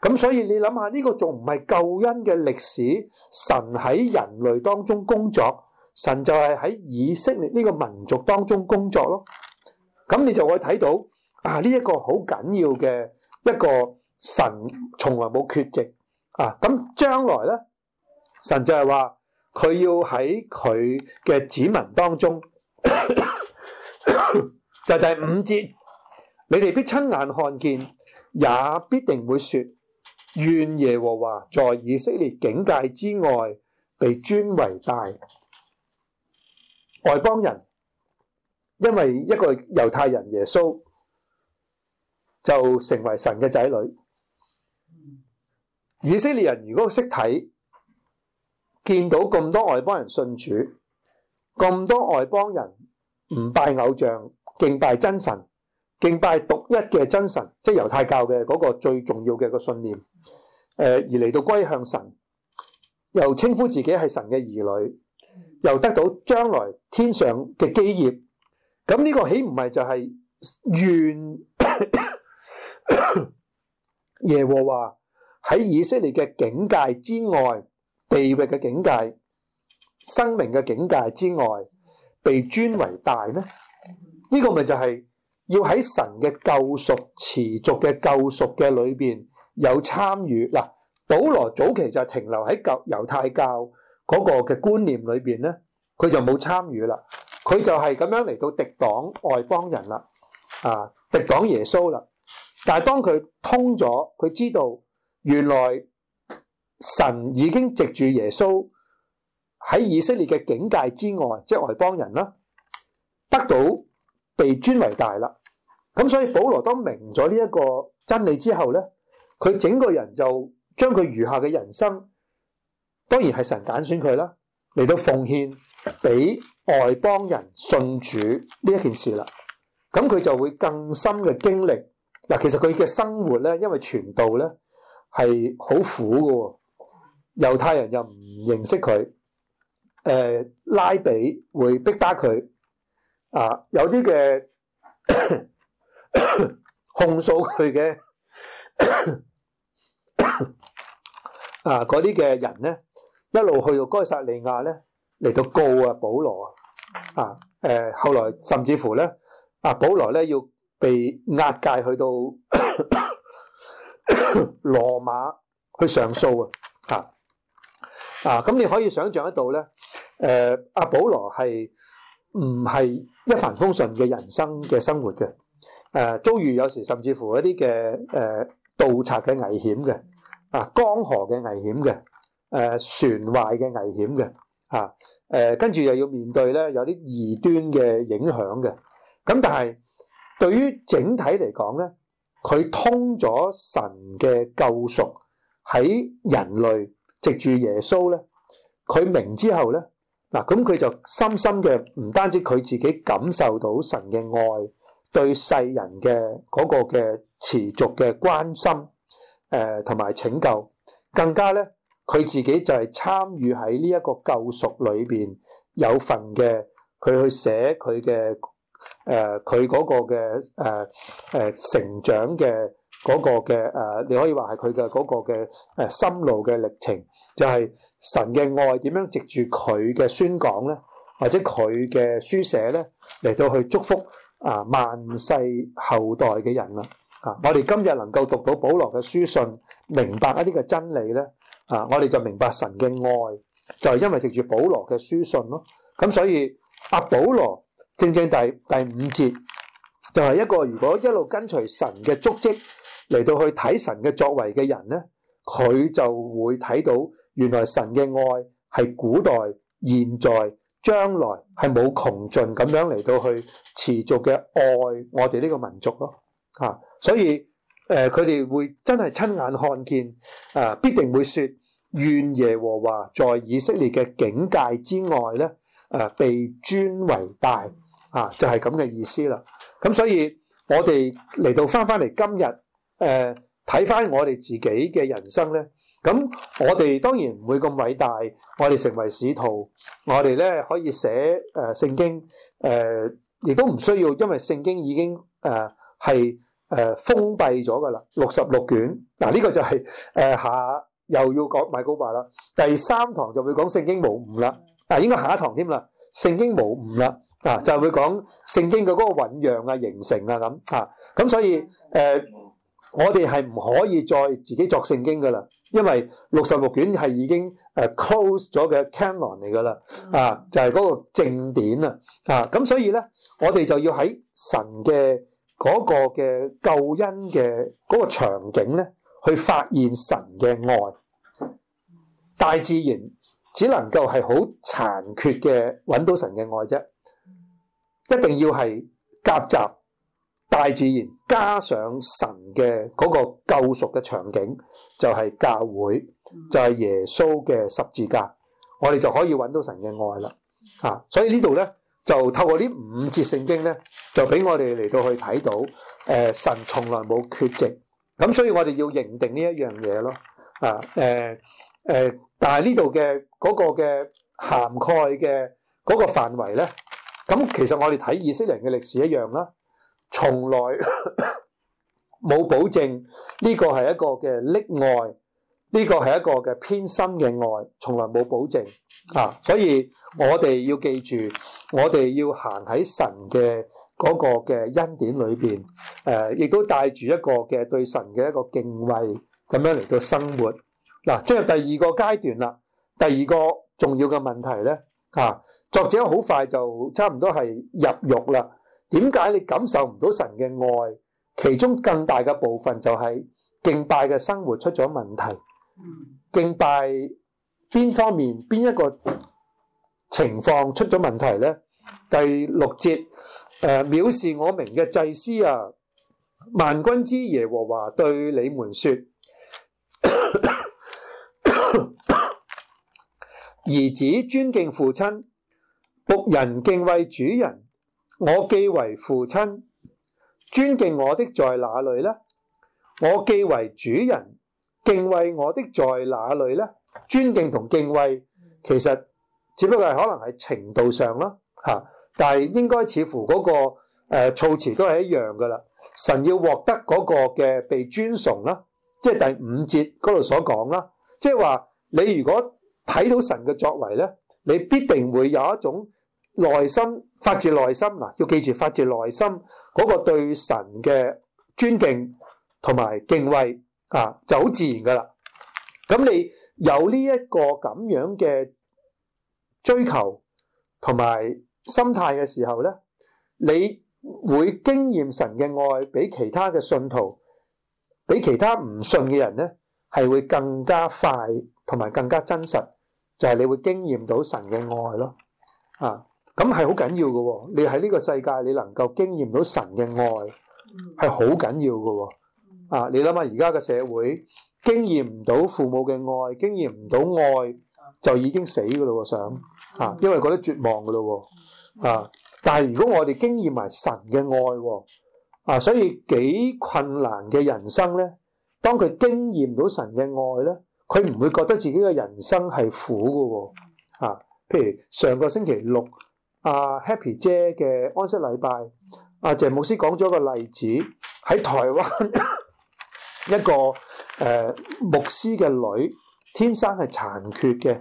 A: 咁所以你諗下，呢個仲唔係救恩嘅歷史？神喺人類當中工作，神就係喺以色列呢個民族當中工作咯。咁你就會睇到啊，呢一個好緊要嘅。一個神從來冇缺席啊！咁將來呢，神就係話佢要喺佢嘅子民當中， (coughs) 就第五節，你哋必親眼看見，也必定會說，願耶和華在以色列境界之外被尊為大，外邦人，因為一個猶太人耶穌。就成為神嘅仔女。以色列人如果識睇，見到咁多外邦人信主，咁多外邦人唔拜偶像，敬拜真神，敬拜獨一嘅真神，即係猶太教嘅嗰個最重要嘅個信念。誒、呃，而嚟到歸向神，又稱呼自己係神嘅兒女，又得到將來天上嘅基業。咁呢個豈唔係就係願？ (coughs) (coughs) 耶和華喺以色列嘅境界之外，地域嘅境界，生命嘅境界之外，被尊為大呢？呢、這個咪就係要喺神嘅救贖持續嘅救贖嘅裏邊有參與嗱。保羅早期就停留喺舊猶太教嗰個嘅觀念裏邊呢，佢就冇參與啦，佢就係咁樣嚟到敵擋外邦人啦，啊，敵擋耶穌啦。但係當佢通咗，佢知道原來神已經藉住耶穌喺以色列嘅境界之外，即係外邦人啦，得到被尊為大啦。咁所以保羅當明咗呢一個真理之後呢，佢整個人就將佢餘下嘅人生，當然係神揀選佢啦，嚟到奉獻俾外邦人信主呢一件事啦。咁佢就會更深嘅經歷。嗱，其實佢嘅生活咧，因為傳道咧係好苦嘅，猶太人又唔認識佢，誒拉比會逼打佢，啊有啲嘅控訴佢嘅，啊嗰啲嘅人咧一路去到該撒利亞咧嚟到告啊保羅啊，啊誒後來甚至乎咧啊保羅咧要，被押解去到羅 (coughs) (coughs) 馬去上訴啊！啊，咁你可以想象得到咧，誒、啊，阿保羅係唔係一帆風順嘅人生嘅生活嘅？誒、啊，遭遇有時甚至乎一啲嘅誒盜賊嘅危險嘅，啊，江河嘅危險嘅，誒，船壞嘅危險嘅，啊，誒、啊啊，跟住又要面對咧有啲異端嘅影響嘅，咁、啊、但係。對於整體嚟講呢，佢通咗神嘅救贖喺人類藉住耶穌呢，佢明之後呢，嗱咁佢就深深嘅唔單止佢自己感受到神嘅愛對世人嘅嗰個嘅持續嘅關心，誒同埋拯救，更加呢佢自己就係參與喺呢一個救贖裏邊有份嘅，佢去寫佢嘅。誒，佢嗰個嘅誒誒成長嘅嗰個嘅誒，你可以話係佢嘅嗰個嘅誒心路嘅歷程，就係神嘅愛點樣藉住佢嘅宣講咧，或者佢嘅書寫咧嚟到去祝福啊萬世後代嘅人啦。啊，我哋今日能夠讀到保羅嘅書信，明白一啲嘅真理咧，啊，我哋就明白神嘅愛就係因為藉住保羅嘅書信咯。咁所以阿保羅。正正第第五節就係、是、一個，如果一路跟隨神嘅足跡嚟到去睇神嘅作為嘅人呢，佢就會睇到原來神嘅愛係古代、現在、將來係冇窮盡咁樣嚟到去持續嘅愛我哋呢個民族咯。啊，所以誒，佢、呃、哋會真係親眼看見啊、呃，必定會説願耶和華在以色列嘅境界之外呢，誒、呃、被尊為大。啊，就係咁嘅意思啦。咁所以我哋嚟到翻翻嚟今日，誒睇翻我哋自己嘅人生咧。咁我哋當然唔會咁偉大。我哋成為使徒，我哋咧可以寫誒、呃、聖經，誒、呃、亦都唔需要，因為聖經已經誒係誒封閉咗噶啦，六十六卷。嗱、啊、呢、這個就係、是、誒、啊、下又要講賣告白啦。第三堂就會講聖經無誤啦。啊，應該下一堂添啦，聖經無誤啦。啊，就會講聖經嘅嗰個醞釀啊、形成啊咁，啊，咁所以誒、呃，我哋係唔可以再自己作聖經噶啦，因為六十六卷係已經誒 close 咗嘅 Canon 嚟噶啦，啊，就係、是、嗰個正典啊，啊，咁所以咧，我哋就要喺神嘅嗰個嘅救恩嘅嗰個場景咧，去發現神嘅愛，大自然只能夠係好殘缺嘅揾到神嘅愛啫。一定要係夾雜大自然加上神嘅嗰個救贖嘅場景，就係、是、教會，就係、是、耶穌嘅十字架，我哋就可以揾到神嘅愛啦。嚇、啊！所以呢度呢，就透過呢五節聖經呢，就俾我哋嚟到去睇到，誒、呃、神從來冇缺席。咁所以我哋要認定呢一樣嘢咯。啊，誒、呃、誒、呃，但係、那個那個、呢度嘅嗰個嘅涵蓋嘅嗰個範圍呢。咁其實我哋睇以色列人嘅歷史一樣啦，從來冇保證呢個係一個嘅溺愛，呢個係一個嘅偏心嘅愛，從來冇保證啊！所以我哋要記住，我哋要行喺神嘅嗰個嘅恩典裏邊，誒，亦都帶住一個嘅對神嘅一個敬畏咁樣嚟到生活。嗱，進入第二個階段啦，第二個重要嘅問題咧。啊！作者好快就差唔多係入獄啦。點解你感受唔到神嘅愛？其中更大嘅部分就係敬拜嘅生活出咗問題。敬拜邊方面邊一個情況出咗問題呢？第六節，誒，藐視我名嘅祭司啊！萬軍之耶和華對你們說。兒子尊敬父親，僕人敬畏主人。我既為父親，尊敬我的在哪裡呢？我既為主人，敬畏我的在哪裡呢？尊敬同敬畏，其實只不過係可能係程度上啦，吓。但係應該似乎嗰、那個誒、呃、措辭都係一樣噶啦。神要獲得嗰個嘅被尊崇啦，即係第五節嗰度所講啦，即係話你如果。睇到神嘅作為呢，你必定會有一種內心發自內心嗱，要記住發自內心嗰個對神嘅尊敬同埋敬畏啊，就好自然㗎喇。咁你有呢一個咁樣嘅追求同埋心態嘅時候呢，你會經驗神嘅愛，比其他嘅信徒，比其他唔信嘅人呢，係會更加快同埋更加真實。就係你會經驗到神嘅愛咯，啊，咁係好緊要嘅喎。你喺呢個世界，你能夠經驗到神嘅愛，係好緊要嘅喎。啊，你諗下而家嘅社會，經驗唔到父母嘅愛，經驗唔到愛，就已經死㗎咯，想啊，因為覺得絕望㗎咯。啊，但係如果我哋經驗埋神嘅愛，啊，所以幾困難嘅人生咧，當佢經驗到神嘅愛咧。佢唔會覺得自己嘅人生係苦㗎喎，啊，譬如上個星期六，阿 Happy 姐嘅安息禮拜，阿謝牧師講咗個例子，喺台灣一個誒牧師嘅女，天生係殘缺嘅，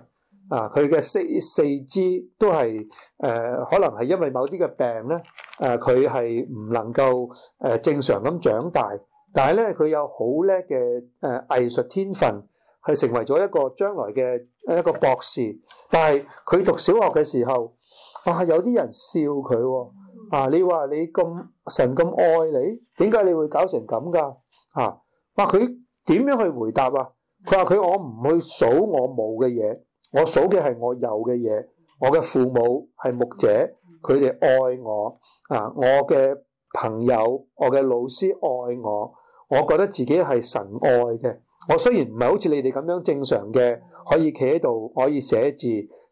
A: 啊，佢嘅四四肢都係誒，可能係因為某啲嘅病咧，誒，佢係唔能夠誒正常咁長大，但係咧佢有好叻嘅誒藝術天分。係成為咗一個將來嘅一個博士，但係佢讀小學嘅時候，啊，有啲人笑佢，哦，啊你話你咁神咁愛你，點解你會搞成咁噶？啊，哇佢點樣去回答啊？佢話佢我唔去數我冇嘅嘢，我數嘅係我有嘅嘢。我嘅父母係牧者，佢哋愛我。啊，我嘅朋友，我嘅老師愛我，我覺得自己係神愛嘅。我雖然唔係好似你哋咁樣正常嘅，可以企喺度可以寫字，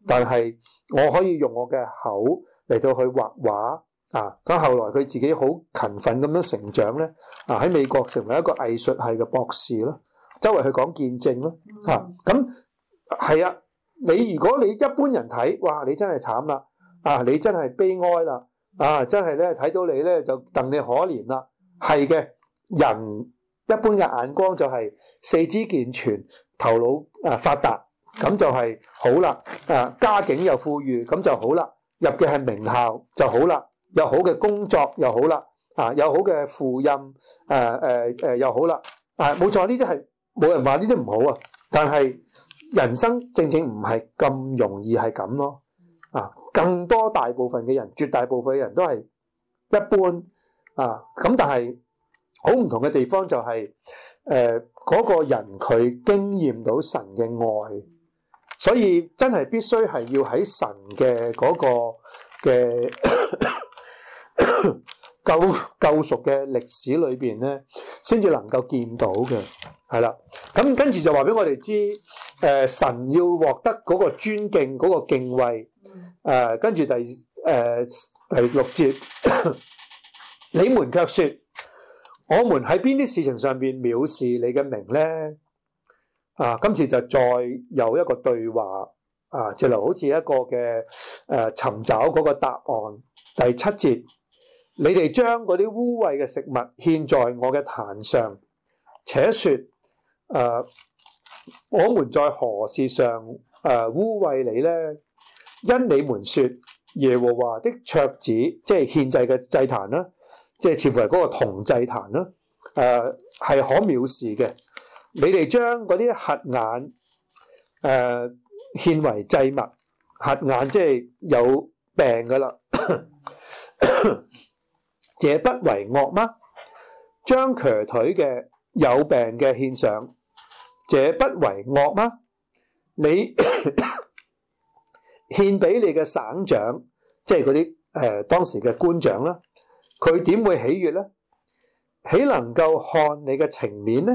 A: 但係我可以用我嘅口嚟到去畫畫啊！咁後來佢自己好勤奮咁樣成長咧，嗱、啊、喺美國成為一個藝術系嘅博士咯，周圍去講見證咯嚇咁係啊！你如果你一般人睇，哇！你真係慘啦啊！你真係悲哀啦啊！真係咧睇到你咧就戥你可憐啦，係嘅人。一般嘅眼光就係四肢健全、頭腦誒、呃、發達，咁就係好啦、呃。家境又富裕，咁就好啦。入嘅係名校就好啦，有好嘅工作又好啦。啊，有好嘅父蔭又好啦、啊呃呃呃。啊，冇錯，呢啲係冇人話呢啲唔好啊。但係人生正正唔係咁容易係咁咯。啊，更多大部分嘅人，絕大部分嘅人都係一般啊。咁但係，好唔同嘅地方就係、是，誒、呃、嗰、那個人佢經驗到神嘅愛，所以真係必須係要喺神嘅嗰、那個嘅 (coughs) 救救贖嘅歷史裏邊咧，先至能夠見到嘅，係啦。咁跟住就話俾我哋知，誒、呃、神要獲得嗰個尊敬，嗰、那個敬畏，誒、呃、跟住第誒、呃、第六節， (coughs) 你們卻說。我們喺邊啲事情上邊藐視你嘅名呢？啊，今次就再有一個對話啊，就好似一個嘅誒尋找嗰個答案。第七節，你哋將嗰啲污穢嘅食物獻在我嘅壇上，且說誒、啊，我們在何事上誒、啊、污穢你呢？因你們說耶和華的桌子，即係獻祭嘅祭壇啦、啊。即係設回嗰個同祭壇啦，誒、呃、係可藐視嘅。你哋將嗰啲瞎眼誒獻、呃、為祭物，瞎眼即係有病噶啦， (coughs) 這不為惡嗎？將瘸腿嘅、有病嘅獻上，這不為惡嗎？你獻俾 (coughs) 你嘅省長，即係嗰啲誒當時嘅官長啦。佢點會喜悅呢？豈能夠看你嘅情面呢？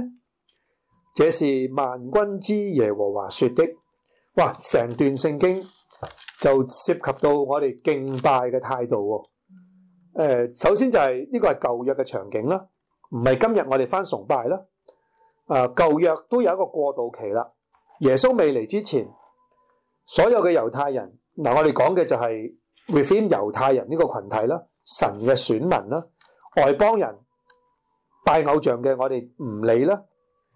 A: 這是萬軍之耶和華說的。哇！成段聖經就涉及到我哋敬拜嘅態度喎。誒、呃，首先就係、是、呢，這個係舊約嘅場景啦，唔係今日我哋返崇拜啦。啊，舊約都有一個過渡期啦。耶穌未嚟之前，所有嘅猶太人嗱、呃，我哋講嘅就係 within 猶太人呢個群體啦。神嘅選民啦、啊，外邦人拜偶像嘅、啊，我哋唔理啦。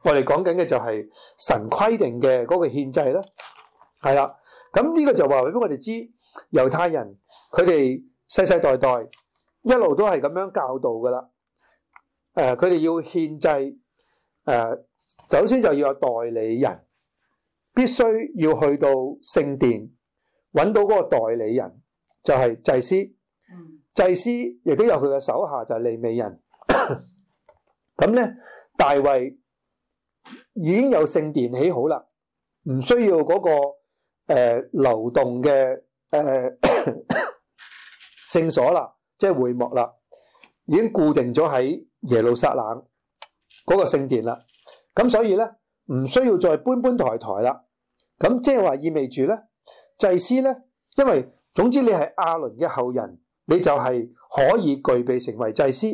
A: 我哋講緊嘅就係神規定嘅嗰個獻祭啦，係啦。咁呢個就話俾我哋知，猶太人佢哋世世代代一路都係咁樣教導噶啦。誒、呃，佢哋要獻祭，誒、呃，首先就要有代理人，必須要去到聖殿搵到嗰個代理人，就係、是、祭司。祭司亦都有佢嘅手下，就係、是、利未人。咁咧， (coughs) 大衛已經有聖殿起好啦，唔需要嗰、那個誒、呃、流動嘅誒聖所啦，即係會幕啦，已經固定咗喺耶路撒冷嗰個聖殿啦。咁所以咧，唔需要再搬搬抬抬啦。咁即係話意味住咧，祭司咧，因為總之你係亞倫嘅後人。你就係可以具備成為祭司，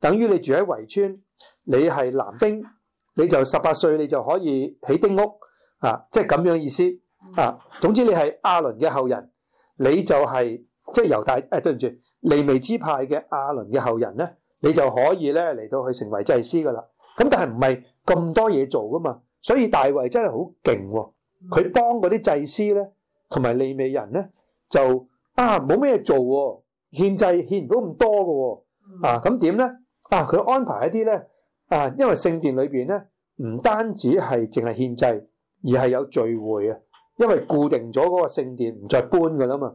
A: 等於你住喺圍村，你係男丁，你就十八歲，你就可以起丁屋啊！即係咁樣意思啊。總之你係亞倫嘅後人，你就係、是、即係猶大誒、哎，對唔住利未支派嘅亞倫嘅後人呢，你就可以呢嚟到去成為祭司噶啦。咁但係唔係咁多嘢做噶嘛，所以大衛真係好勁喎！佢幫嗰啲祭司呢，同埋利未人呢，就啊冇咩做喎、啊。獻祭獻唔到咁多㗎啊，咁點咧？啊，佢、啊、安排一啲咧，啊，因為聖殿裏邊咧唔單止係淨係獻祭，而係有聚會啊，因為固定咗嗰個聖殿唔再搬噶啦嘛。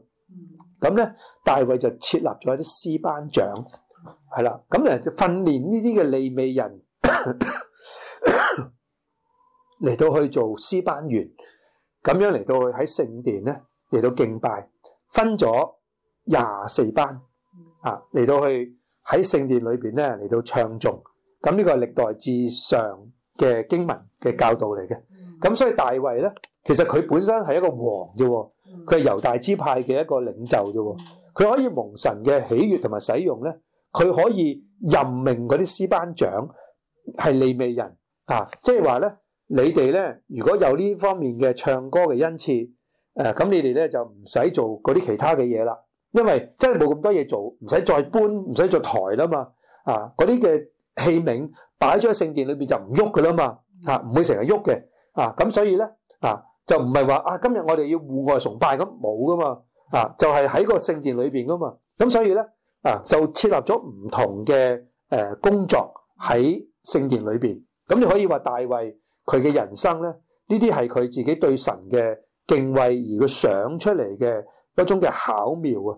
A: 咁、啊、咧大衛就設立咗一啲司班長，係啦，咁就訓練呢啲嘅利未人嚟 (coughs) 到去做司班員，咁樣嚟到喺聖殿咧嚟到敬拜，分咗。廿四班啊，嚟到去喺聖殿裏邊咧嚟到唱頌，咁呢個係歷代志上嘅經文嘅教導嚟嘅。咁所以大衛咧，其實佢本身係一個王啫，佢係猶大支派嘅一個領袖啫。佢可以蒙神嘅喜悦同埋使用咧，佢可以任命嗰啲詩班長係利未人啊，即係話咧，你哋咧如果有呢方面嘅唱歌嘅恩賜，誒，咁你哋咧就唔使做嗰啲其他嘅嘢啦。因為真係冇咁多嘢做，唔使再搬，唔使再抬啦嘛。啊，嗰啲嘅器皿擺咗喺聖殿裏面，就唔喐噶啦嘛。嚇，唔會成日喐嘅。啊，咁、啊、所以咧，啊，就唔係話啊，今日我哋要戶外崇拜咁冇噶嘛。啊，就係、是、喺個聖殿裏面噶嘛。咁所以咧，啊，就設立咗唔同嘅誒、呃、工作喺聖殿裏面。咁、啊、你可以話大衛佢嘅人生咧，呢啲係佢自己對神嘅敬畏而佢想出嚟嘅一種嘅巧妙啊。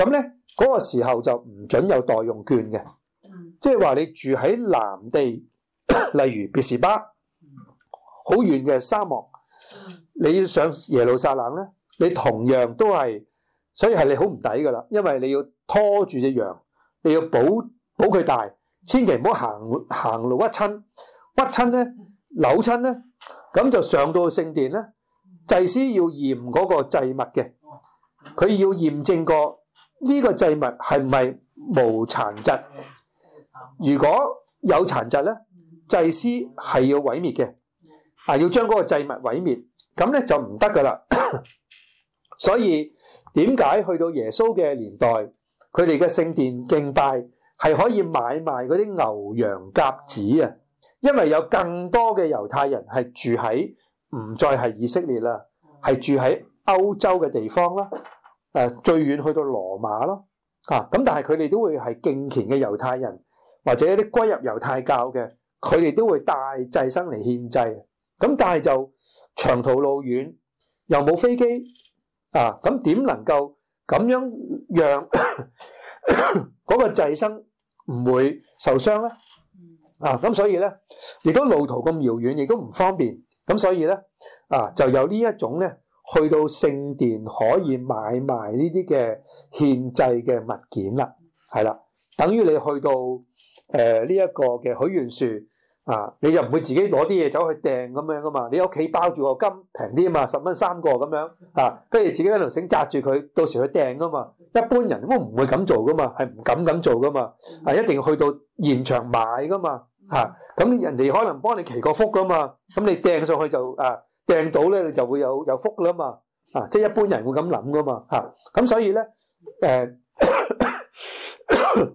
A: 咁呢，嗰個時候就唔準有代用券嘅，即係話你住喺南地，例如別是巴，好遠嘅沙漠，你要上耶路撒冷呢，你同樣都係，所以係你好唔抵噶啦，因為你要拖住隻羊，你要保保佢大，千祈唔好行行路屈親，屈親呢，扭親呢，咁就上到聖殿呢，祭司要驗嗰個祭物嘅，佢要驗證個。呢個祭物係咪無殘疾？如果有殘疾呢，祭司係要毀滅嘅，啊，要將嗰個祭物毀滅，咁呢就唔得噶啦。所以點解去到耶穌嘅年代，佢哋嘅聖殿敬拜係可以買賣嗰啲牛羊鴿子啊？因為有更多嘅猶太人係住喺唔再係以色列啦，係住喺歐洲嘅地方啦。誒最遠去到羅馬咯，啊咁但係佢哋都會係敬虔嘅猶太人，或者啲歸入猶太教嘅，佢哋都會帶祭牲嚟獻祭。咁、啊、但係就長途路遠，又冇飛機，啊咁點能夠咁樣讓嗰、嗰個祭牲唔會受傷呢？啊咁所以呢，亦都路途咁遙遠，亦都唔方便。咁所以呢，啊就有呢一種呢去到聖殿可以買埋呢啲嘅獻祭嘅物件啦，係啦，等於你去到誒呢一個嘅許願樹啊，你就唔會自己攞啲嘢走去掟咁樣噶嘛，你屋企包住個金平啲啊嘛，十蚊三個咁樣啊，跟住自己喺條繩紮住佢，到時去掟噶嘛，一般人都唔會咁做噶嘛，係唔敢咁做噶嘛，係、啊、一定要去到現場買噶嘛，嚇、啊，咁人哋可能幫你祈個福噶嘛，咁你掟上去就啊～掟到咧，你就會有有福啦嘛，啊，即係一般人會咁諗噶嘛，嚇、啊，咁所以咧，誒、呃，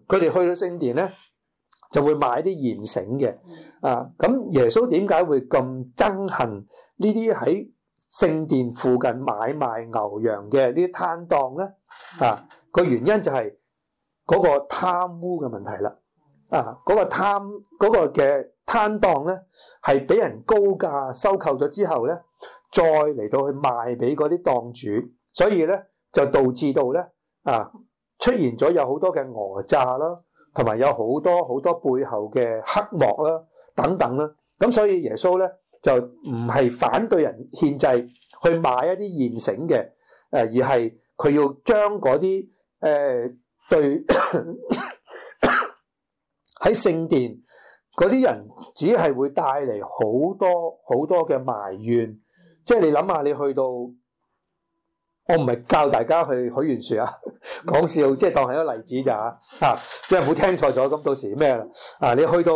A: 佢哋去到聖殿咧，就會買啲現成嘅，啊，咁、啊、耶穌點解會咁憎恨呢啲喺聖殿附近買賣牛羊嘅呢啲攤檔咧？啊，個原因就係嗰個貪污嘅問題啦。啊！嗰個攤、嗰個嘅攤檔呢，係俾人高價收購咗之後呢，再嚟到去賣俾嗰啲檔主，所以呢，就導致到呢啊出現咗有好多嘅訛詐啦，同埋有好多好多背後嘅黑幕啦等等啦。咁所以耶穌呢，就唔係反對人獻祭去買一啲現成嘅、啊，而係佢要將嗰啲誒對。 (coughs) 喺聖殿嗰啲人只係會帶嚟好多好多嘅埋怨，即係你諗下，你去到我唔係教大家去許願樹啊，講笑，即係當係一個例子咋嚇、啊啊？即係冇聽錯咗，咁到時咩啊，你去到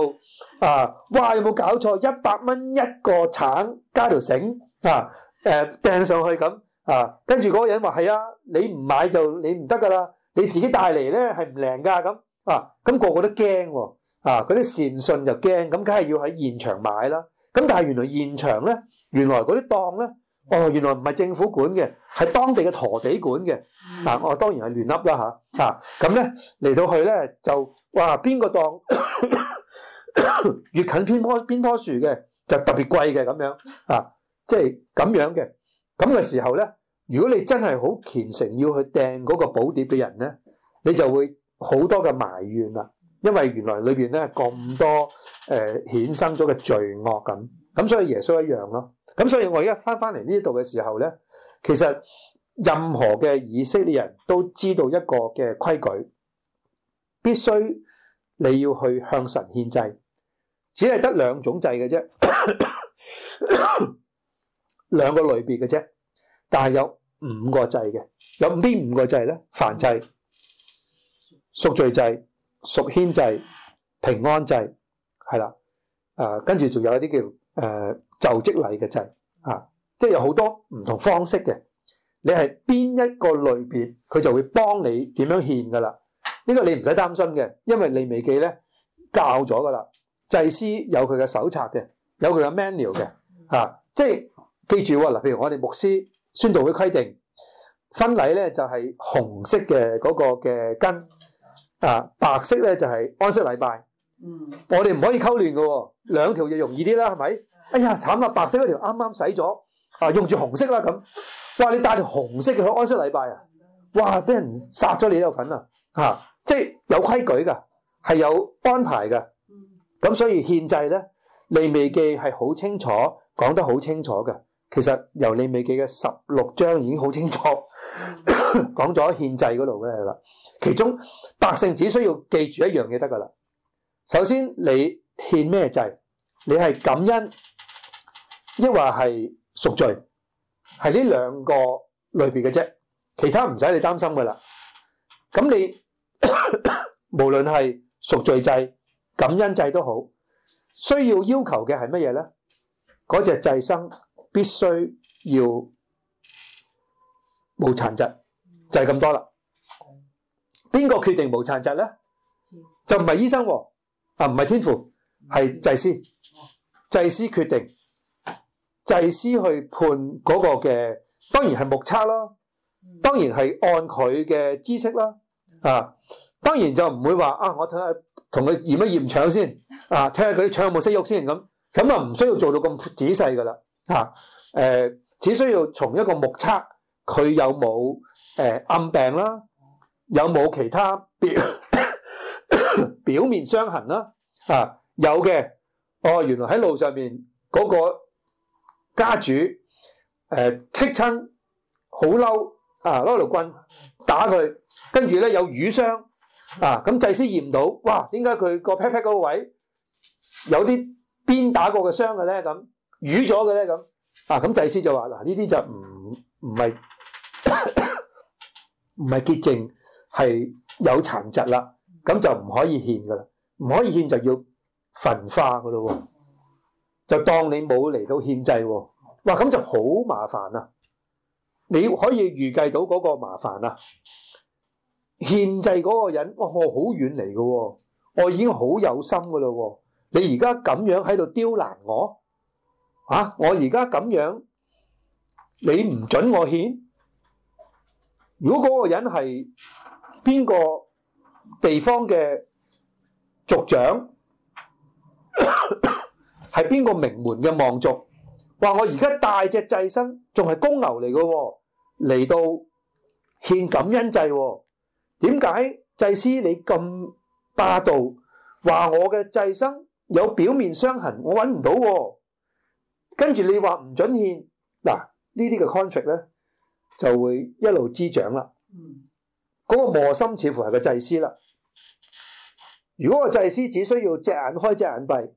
A: 啊，哇有冇搞錯？一百蚊一個橙加條繩啊，誒、呃、掟上去咁啊，跟住嗰個人話係啊，你唔買就你唔得噶啦，你自己帶嚟咧係唔靈㗎咁啊，咁、啊那個個都驚喎、啊。啊！嗰啲善信就驚，咁梗係要喺現場買啦。咁但係原來現場咧，原來嗰啲檔咧，哦，原來唔係政府管嘅，係當地嘅陀地管嘅。嗱、啊，我當然係亂笠啦吓，啊，咁咧嚟到去咧就哇，邊個檔咳咳越近邊棵邊棵樹嘅就特別貴嘅咁樣啊，即係咁樣嘅。咁嘅時候咧，如果你真係好虔誠要去訂嗰個寶碟嘅人咧，你就會好多嘅埋怨啦。因為原來裏邊咧咁多誒、呃、衍生咗嘅罪惡感，咁所以耶穌一樣咯、啊。咁所以我而家翻翻嚟呢度嘅時候咧，其實任何嘅以色列人都知道一個嘅規矩，必須你要去向神獻祭，只係得兩種祭嘅啫， (coughs) 兩個類別嘅啫。但係有五個祭嘅，有邊五個祭咧？燔祭、贖罪祭。屬牽祭、平安祭，係啦，誒、啊，跟住仲有一啲叫誒、呃、就職禮嘅祭，吓、啊，即係有好多唔同方式嘅。你係邊一個類別，佢就會幫你點樣獻噶啦。呢、這個你唔使擔心嘅，因為你未記咧教咗噶啦，祭司有佢嘅手冊嘅，有佢嘅 menu 嘅，吓、啊，即係記住啊嗱，譬如我哋牧師宣道會規定婚禮咧就係、是、紅色嘅嗰個嘅根。啊，白色咧就係、是、安息禮拜。嗯，我哋唔可以溝亂㗎喎、哦，兩條嘢容易啲啦，係咪？哎呀，慘啦，白色嗰條啱啱洗咗，啊，用住紅色啦咁。哇，你帶條紅色嘅去安息禮拜啊？哇，俾人殺咗你嚿粉啊！啊，即係有規矩㗎，係有安排㗎。咁所以獻祭咧，利未記係好清楚，講得好清楚嘅。其實由利未記嘅十六章已經好清楚。嗯 (laughs) 講咗獻祭嗰度嘅係啦，其中百姓只需要記住一樣嘢得噶啦。首先你獻咩祭？你係感恩，抑或係贖罪？係呢兩個類別嘅啫，其他唔使你擔心噶啦。咁你無論係贖罪祭、感恩祭都好，需要要求嘅係乜嘢咧？嗰隻祭牲必須要冇殘疾。就係、是、咁多啦。邊個決定無殘疾咧？就唔係醫生喎、啊，啊唔係天父，係祭司。祭司決定，祭司去判嗰個嘅，當然係目測咯，當然係按佢嘅知識啦，啊當然就唔會話啊，我睇下同佢驗一驗腸先，啊睇下佢啲腸有冇息肉先咁，咁就唔需要做到咁仔細噶啦，啊誒、呃、只需要從一個目測佢有冇，誒、呃、暗病啦，有冇其他表 (coughs) 表面傷痕啦、啊？啊，有嘅。哦，原來喺路上面嗰個家主誒、呃、踢親，好嬲啊，攞條棍打佢，跟住咧有瘀傷啊。咁祭司驗到，哇，點解佢個 pat pat 嗰個位有啲鞭打過嘅傷嘅咧？咁瘀咗嘅咧？咁啊，咁祭司就話嗱，呢啲就唔唔係。 (coughs) 唔係潔淨，係有殘疾啦，咁就唔可以獻噶啦，唔可以獻就要焚化噶咯喎，就當你冇嚟到獻祭喎，哇咁就好麻煩啊！你可以預計到嗰個麻煩啊，獻祭嗰個人，我好遠嚟嘅喎，我已經好有心噶啦喎，你而家咁樣喺度刁難我啊？我而家咁樣，你唔準我獻。如果嗰個人係邊個地方嘅族長，係邊 (coughs) 個名門嘅望族？話我而家大隻祭牲，仲係公牛嚟嘅，嚟到獻感恩祭。點解祭司你咁霸道？話我嘅祭牲有表面傷痕，我揾唔到。跟住你話唔准獻嗱，這些呢啲嘅 contract 咧？就會一路滋長啦。嗰個磨心似乎係個祭司啦。如果個祭司只需要隻眼開隻眼閉，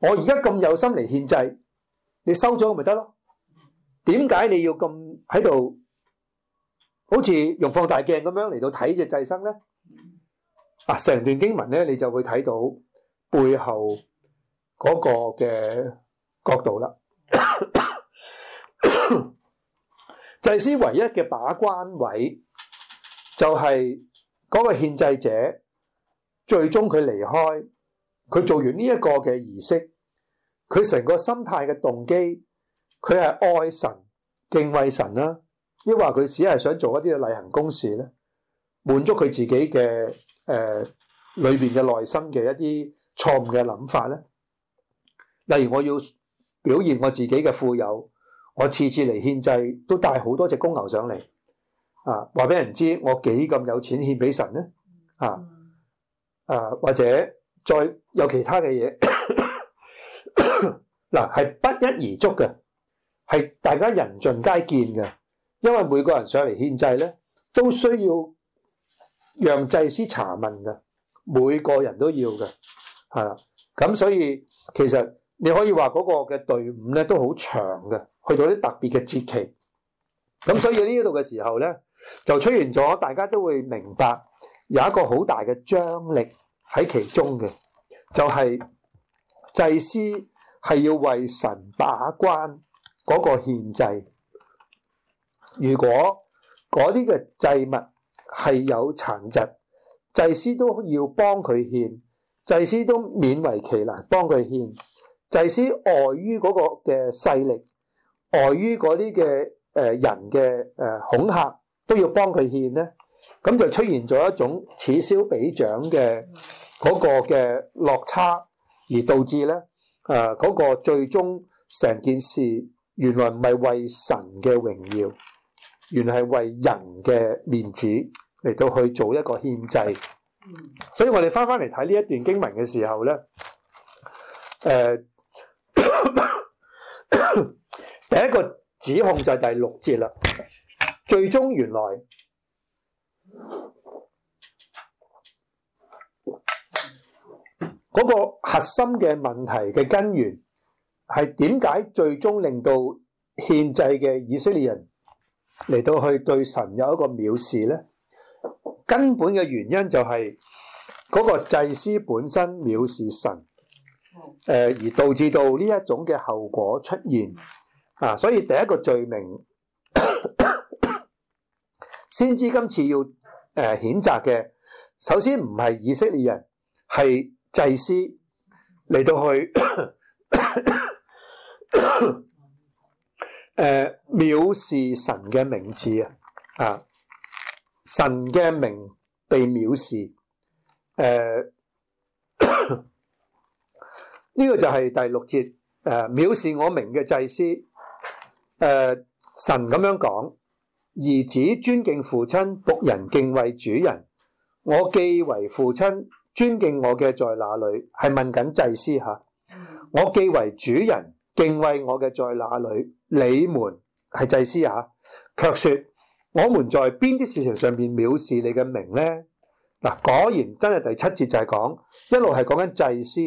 A: 我而家咁有心嚟獻祭，你收咗咪得咯？點解你要咁喺度？好似用放大鏡咁樣嚟到睇隻祭牲咧？啊，成段經文咧，你就會睇到背後嗰個嘅角度啦。祭司唯一嘅把關位就係嗰個獻祭者，最終佢離開，佢做完呢一個嘅儀式，佢成個心態嘅動機，佢係愛神敬畏神啦、啊，抑或佢只係想做一啲嘅例行公事呢？滿足佢自己嘅誒、呃、裏邊嘅內心嘅一啲錯誤嘅諗法呢？例如我要表現我自己嘅富有。我次次嚟獻祭都帶好多隻公牛上嚟，啊，話俾人知我幾咁有錢獻俾神呢啊？啊，或者再有其他嘅嘢，嗱，係 (coughs) 不一而足嘅，係大家人盡皆見嘅，因為每個人上嚟獻祭呢，都需要讓祭司查問嘅，每個人都要嘅，係啦，咁所以其實你可以話嗰個嘅隊伍呢都好長嘅。去到啲特別嘅節期，咁所以呢度嘅時候呢，就出現咗，大家都會明白有一個好大嘅張力喺其中嘅，就係、是、祭司係要為神把關嗰個獻祭。如果嗰啲嘅祭物係有殘疾，祭司都要幫佢獻，祭司都勉為其難幫佢獻，祭司礙於嗰個嘅勢力。礙於嗰啲嘅誒人嘅誒恐嚇，都要幫佢獻咧，咁就出現咗一種此消彼長嘅嗰個嘅落差，而導致咧誒嗰個最終成件事原來唔係為神嘅榮耀，原來係為人嘅面子嚟到去做一個獻祭。嗯，所以我哋翻翻嚟睇呢一段經文嘅時候咧，誒。一個指控就係第六節啦。最終原來嗰個核心嘅問題嘅根源係點解最終令到獻祭嘅以色列人嚟到去對神有一個藐視呢？根本嘅原因就係嗰個祭司本身藐視神，誒而導致到呢一種嘅後果出現。啊！所以第一個罪名， (coughs) 先知今次要誒譴責嘅，首先唔係以色列人，係祭司嚟到去、 (coughs) 呃、藐視神嘅名字啊！啊，神嘅名被藐視。誒、呃，呢、 (coughs) 這個就係第六節、呃、藐視我名嘅祭司。誒、呃，神咁樣講，兒子尊敬父親，僕人敬畏主人。我既為父親，尊敬我嘅在哪裏？係問緊祭司吓。我既為主人，敬畏我嘅在哪裏？你們係祭司啊，卻說我們在邊啲事情上面藐視你嘅名呢？嗱，果然真係第七節就係講，一路係講緊祭司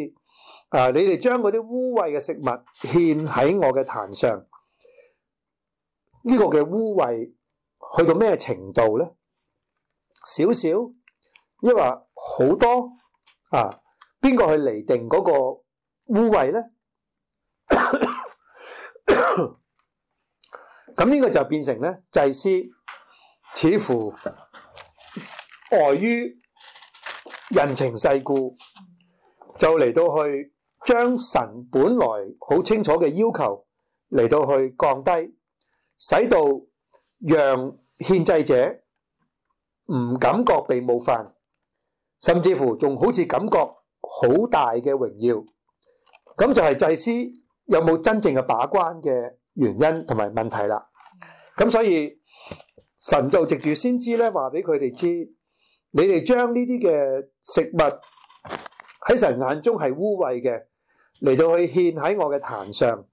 A: 啊、呃。你哋將嗰啲污穢嘅食物獻喺我嘅壇上。呢、這個嘅污穢去到咩程度咧？少少，抑或好多啊？邊個去嚟定嗰個污穢咧？咁呢、 (coughs) 這個就變成咧，祭司似乎礙、呃、於人情世故，就嚟到去將神本來好清楚嘅要求嚟到去降低。使到讓獻祭者唔感覺被冒犯，甚至乎仲好似感覺好大嘅榮耀。咁就係祭司有冇真正嘅把關嘅原因同埋問題啦。咁所以神就藉住先知咧話俾佢哋知：，你哋將呢啲嘅食物喺神眼中係污穢嘅嚟，到去獻喺我嘅壇上。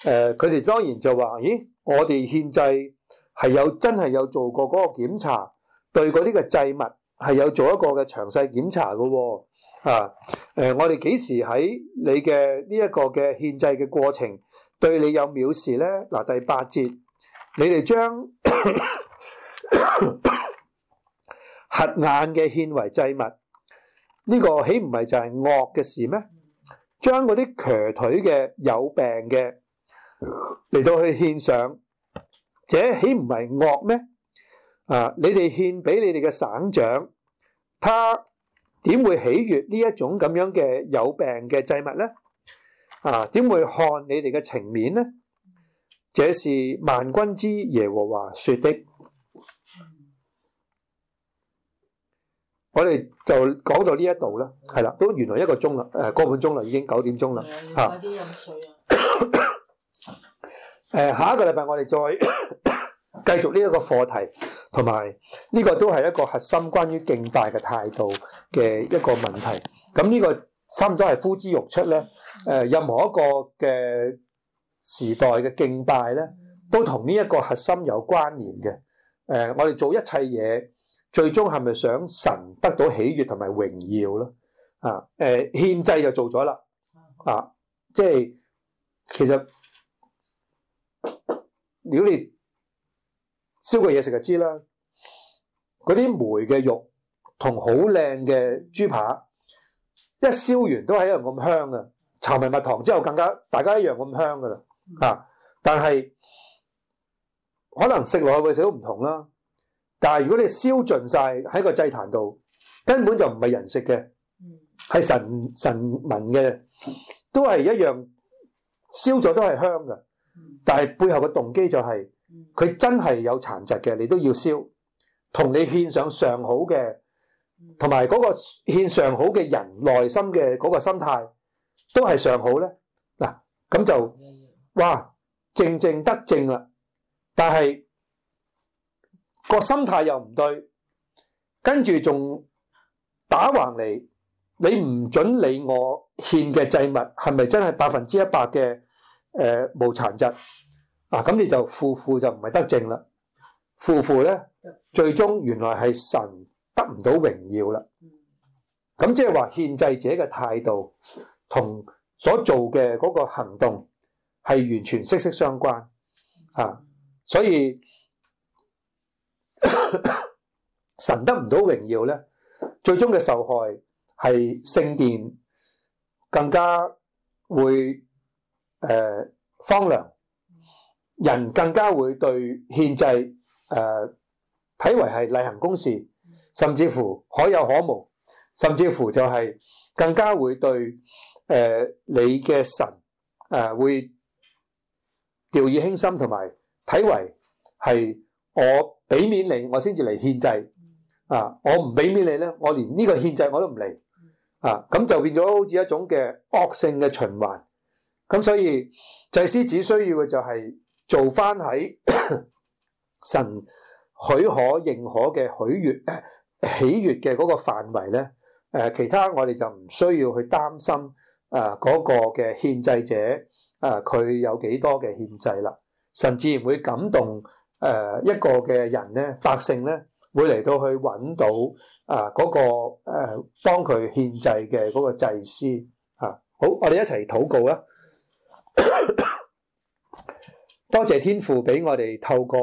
A: 誒、呃，佢哋當然就話：，咦？我哋獻祭係有真係有做過嗰個檢查，對嗰啲嘅祭物係有做一個嘅詳細檢查嘅、哦。喎、啊。誒、呃，我哋幾時喺你嘅呢一個嘅獻祭嘅過程，對你有藐視呢？嗱、啊，第八節，你哋將 (coughs) 瞎眼嘅獻為祭物，呢、這個豈唔係就係惡嘅事咩？將嗰啲瘸腿嘅有病嘅。嚟到去獻上，這豈唔係惡咩？啊！你哋獻俾你哋嘅省長，他點會喜悅呢一種咁樣嘅有病嘅祭物呢？啊，點會看你哋嘅情面呢？這是萬軍之耶和華說的。我哋就講到呢一度啦，係啦，都原來一個鐘啦，誒，個半鐘啦，已經九點鐘啦。快啲飲水啊！誒，下一個禮拜我哋再繼續呢一個課題，同埋呢個都係一個核心關於敬拜嘅態度嘅一個問題。咁呢個差唔多係呼之欲出咧。誒，任何一個嘅時代嘅敬拜咧，都同呢一個核心有關聯嘅。誒，我哋做一切嘢，最終係咪想神得到喜悅同埋榮耀囉？啊，誒，獻祭就做咗啦。啊，即係其實。如你燒過嘢食就知啦，嗰啲梅嘅肉同好靚嘅豬扒一燒完都係一樣咁香嘅，摻埋蜜糖之後更加大家一樣咁香噶啦。啊，但係可能食落去會少都唔同啦。但係如果你燒盡晒喺個祭壇度，根本就唔係人食嘅，係神神聞嘅，都係一樣燒咗都係香嘅。但係背後嘅動機就係，佢真係有殘疾嘅，你都要燒，同你獻上上好嘅，同埋嗰個獻上好嘅人內心嘅嗰個心態都係上好咧。嗱，咁就哇正正得正啦，但係個心態又唔對，跟住仲打橫嚟，你唔准理我獻嘅祭物係咪真係百分之一百嘅？誒，無殘疾啊！咁你就負負就唔係得正啦，負負咧最終原來係神得唔到榮耀啦。咁即係話獻祭者嘅態度同所做嘅嗰個行動係完全息息相關啊！所以神得唔到榮耀咧，最終嘅受害係聖殿更加會。誒荒涼，人更加會對獻祭誒睇、呃、為係例行公事，甚至乎可有可無，甚至乎就係更加會對誒、呃、你嘅神誒、呃、會掉以輕心，同埋睇為係我俾面你，我先至嚟獻祭；啊！我唔俾面你呢，我連呢個獻祭我都唔嚟啊！咁就變咗好似一種嘅惡性嘅循環。咁所以祭司只需要嘅就係做翻喺神許可認可嘅許悅喜悅嘅嗰個範圍咧，誒，其他我哋就唔需要去擔心誒嗰個嘅獻祭者，誒佢有幾多嘅獻祭啦，神自然會感動誒一個嘅人咧，百姓咧會嚟到去揾到啊嗰個誒幫佢獻祭嘅嗰個祭司啊，好，我哋一齊禱告啦。 (coughs) 多謝天父俾我哋透過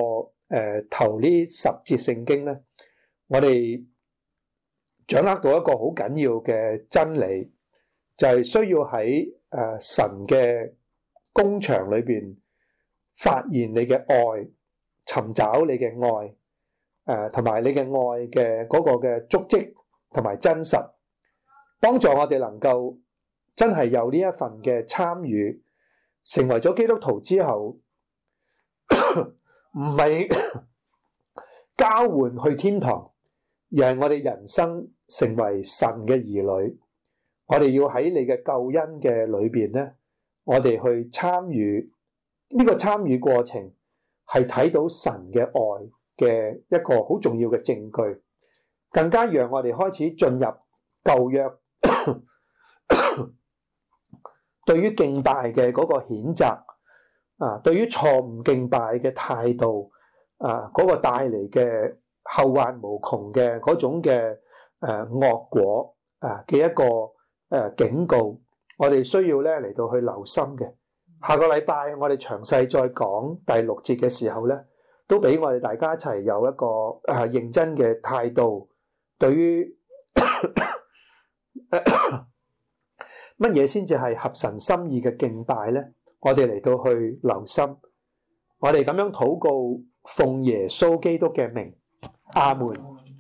A: 誒，讀、呃、呢十節聖經呢，我哋掌握到一個好緊要嘅真理，就係、是、需要喺誒、呃、神嘅工場裏邊發現你嘅愛，尋找你嘅愛，誒同埋你嘅愛嘅嗰、那個嘅足跡同埋真實，幫助我哋能夠真係有呢一份嘅參與。成為咗基督徒之後，唔係 (coughs) (coughs) 交換去天堂，而係我哋人生成為神嘅兒女。我哋要喺你嘅救恩嘅裏面呢，我哋去參與呢、呢個參與過程，係睇到神嘅愛嘅一個好重要嘅證據，更加讓我哋開始進入舊約。 (coughs) 對於敬拜嘅嗰個譴責啊，對於錯誤敬拜嘅態度啊，嗰個帶嚟嘅後患無窮嘅嗰種嘅誒惡果啊嘅一個誒警告，我哋需要咧嚟到去留心嘅。下個禮拜我哋詳細再講第六節嘅時候咧，都俾我哋大家一齊有一個誒認真嘅態度，對於乜嘢先至係合神心意嘅敬拜咧？我哋嚟到去留心，我哋咁樣禱告奉耶穌基督嘅名，阿門。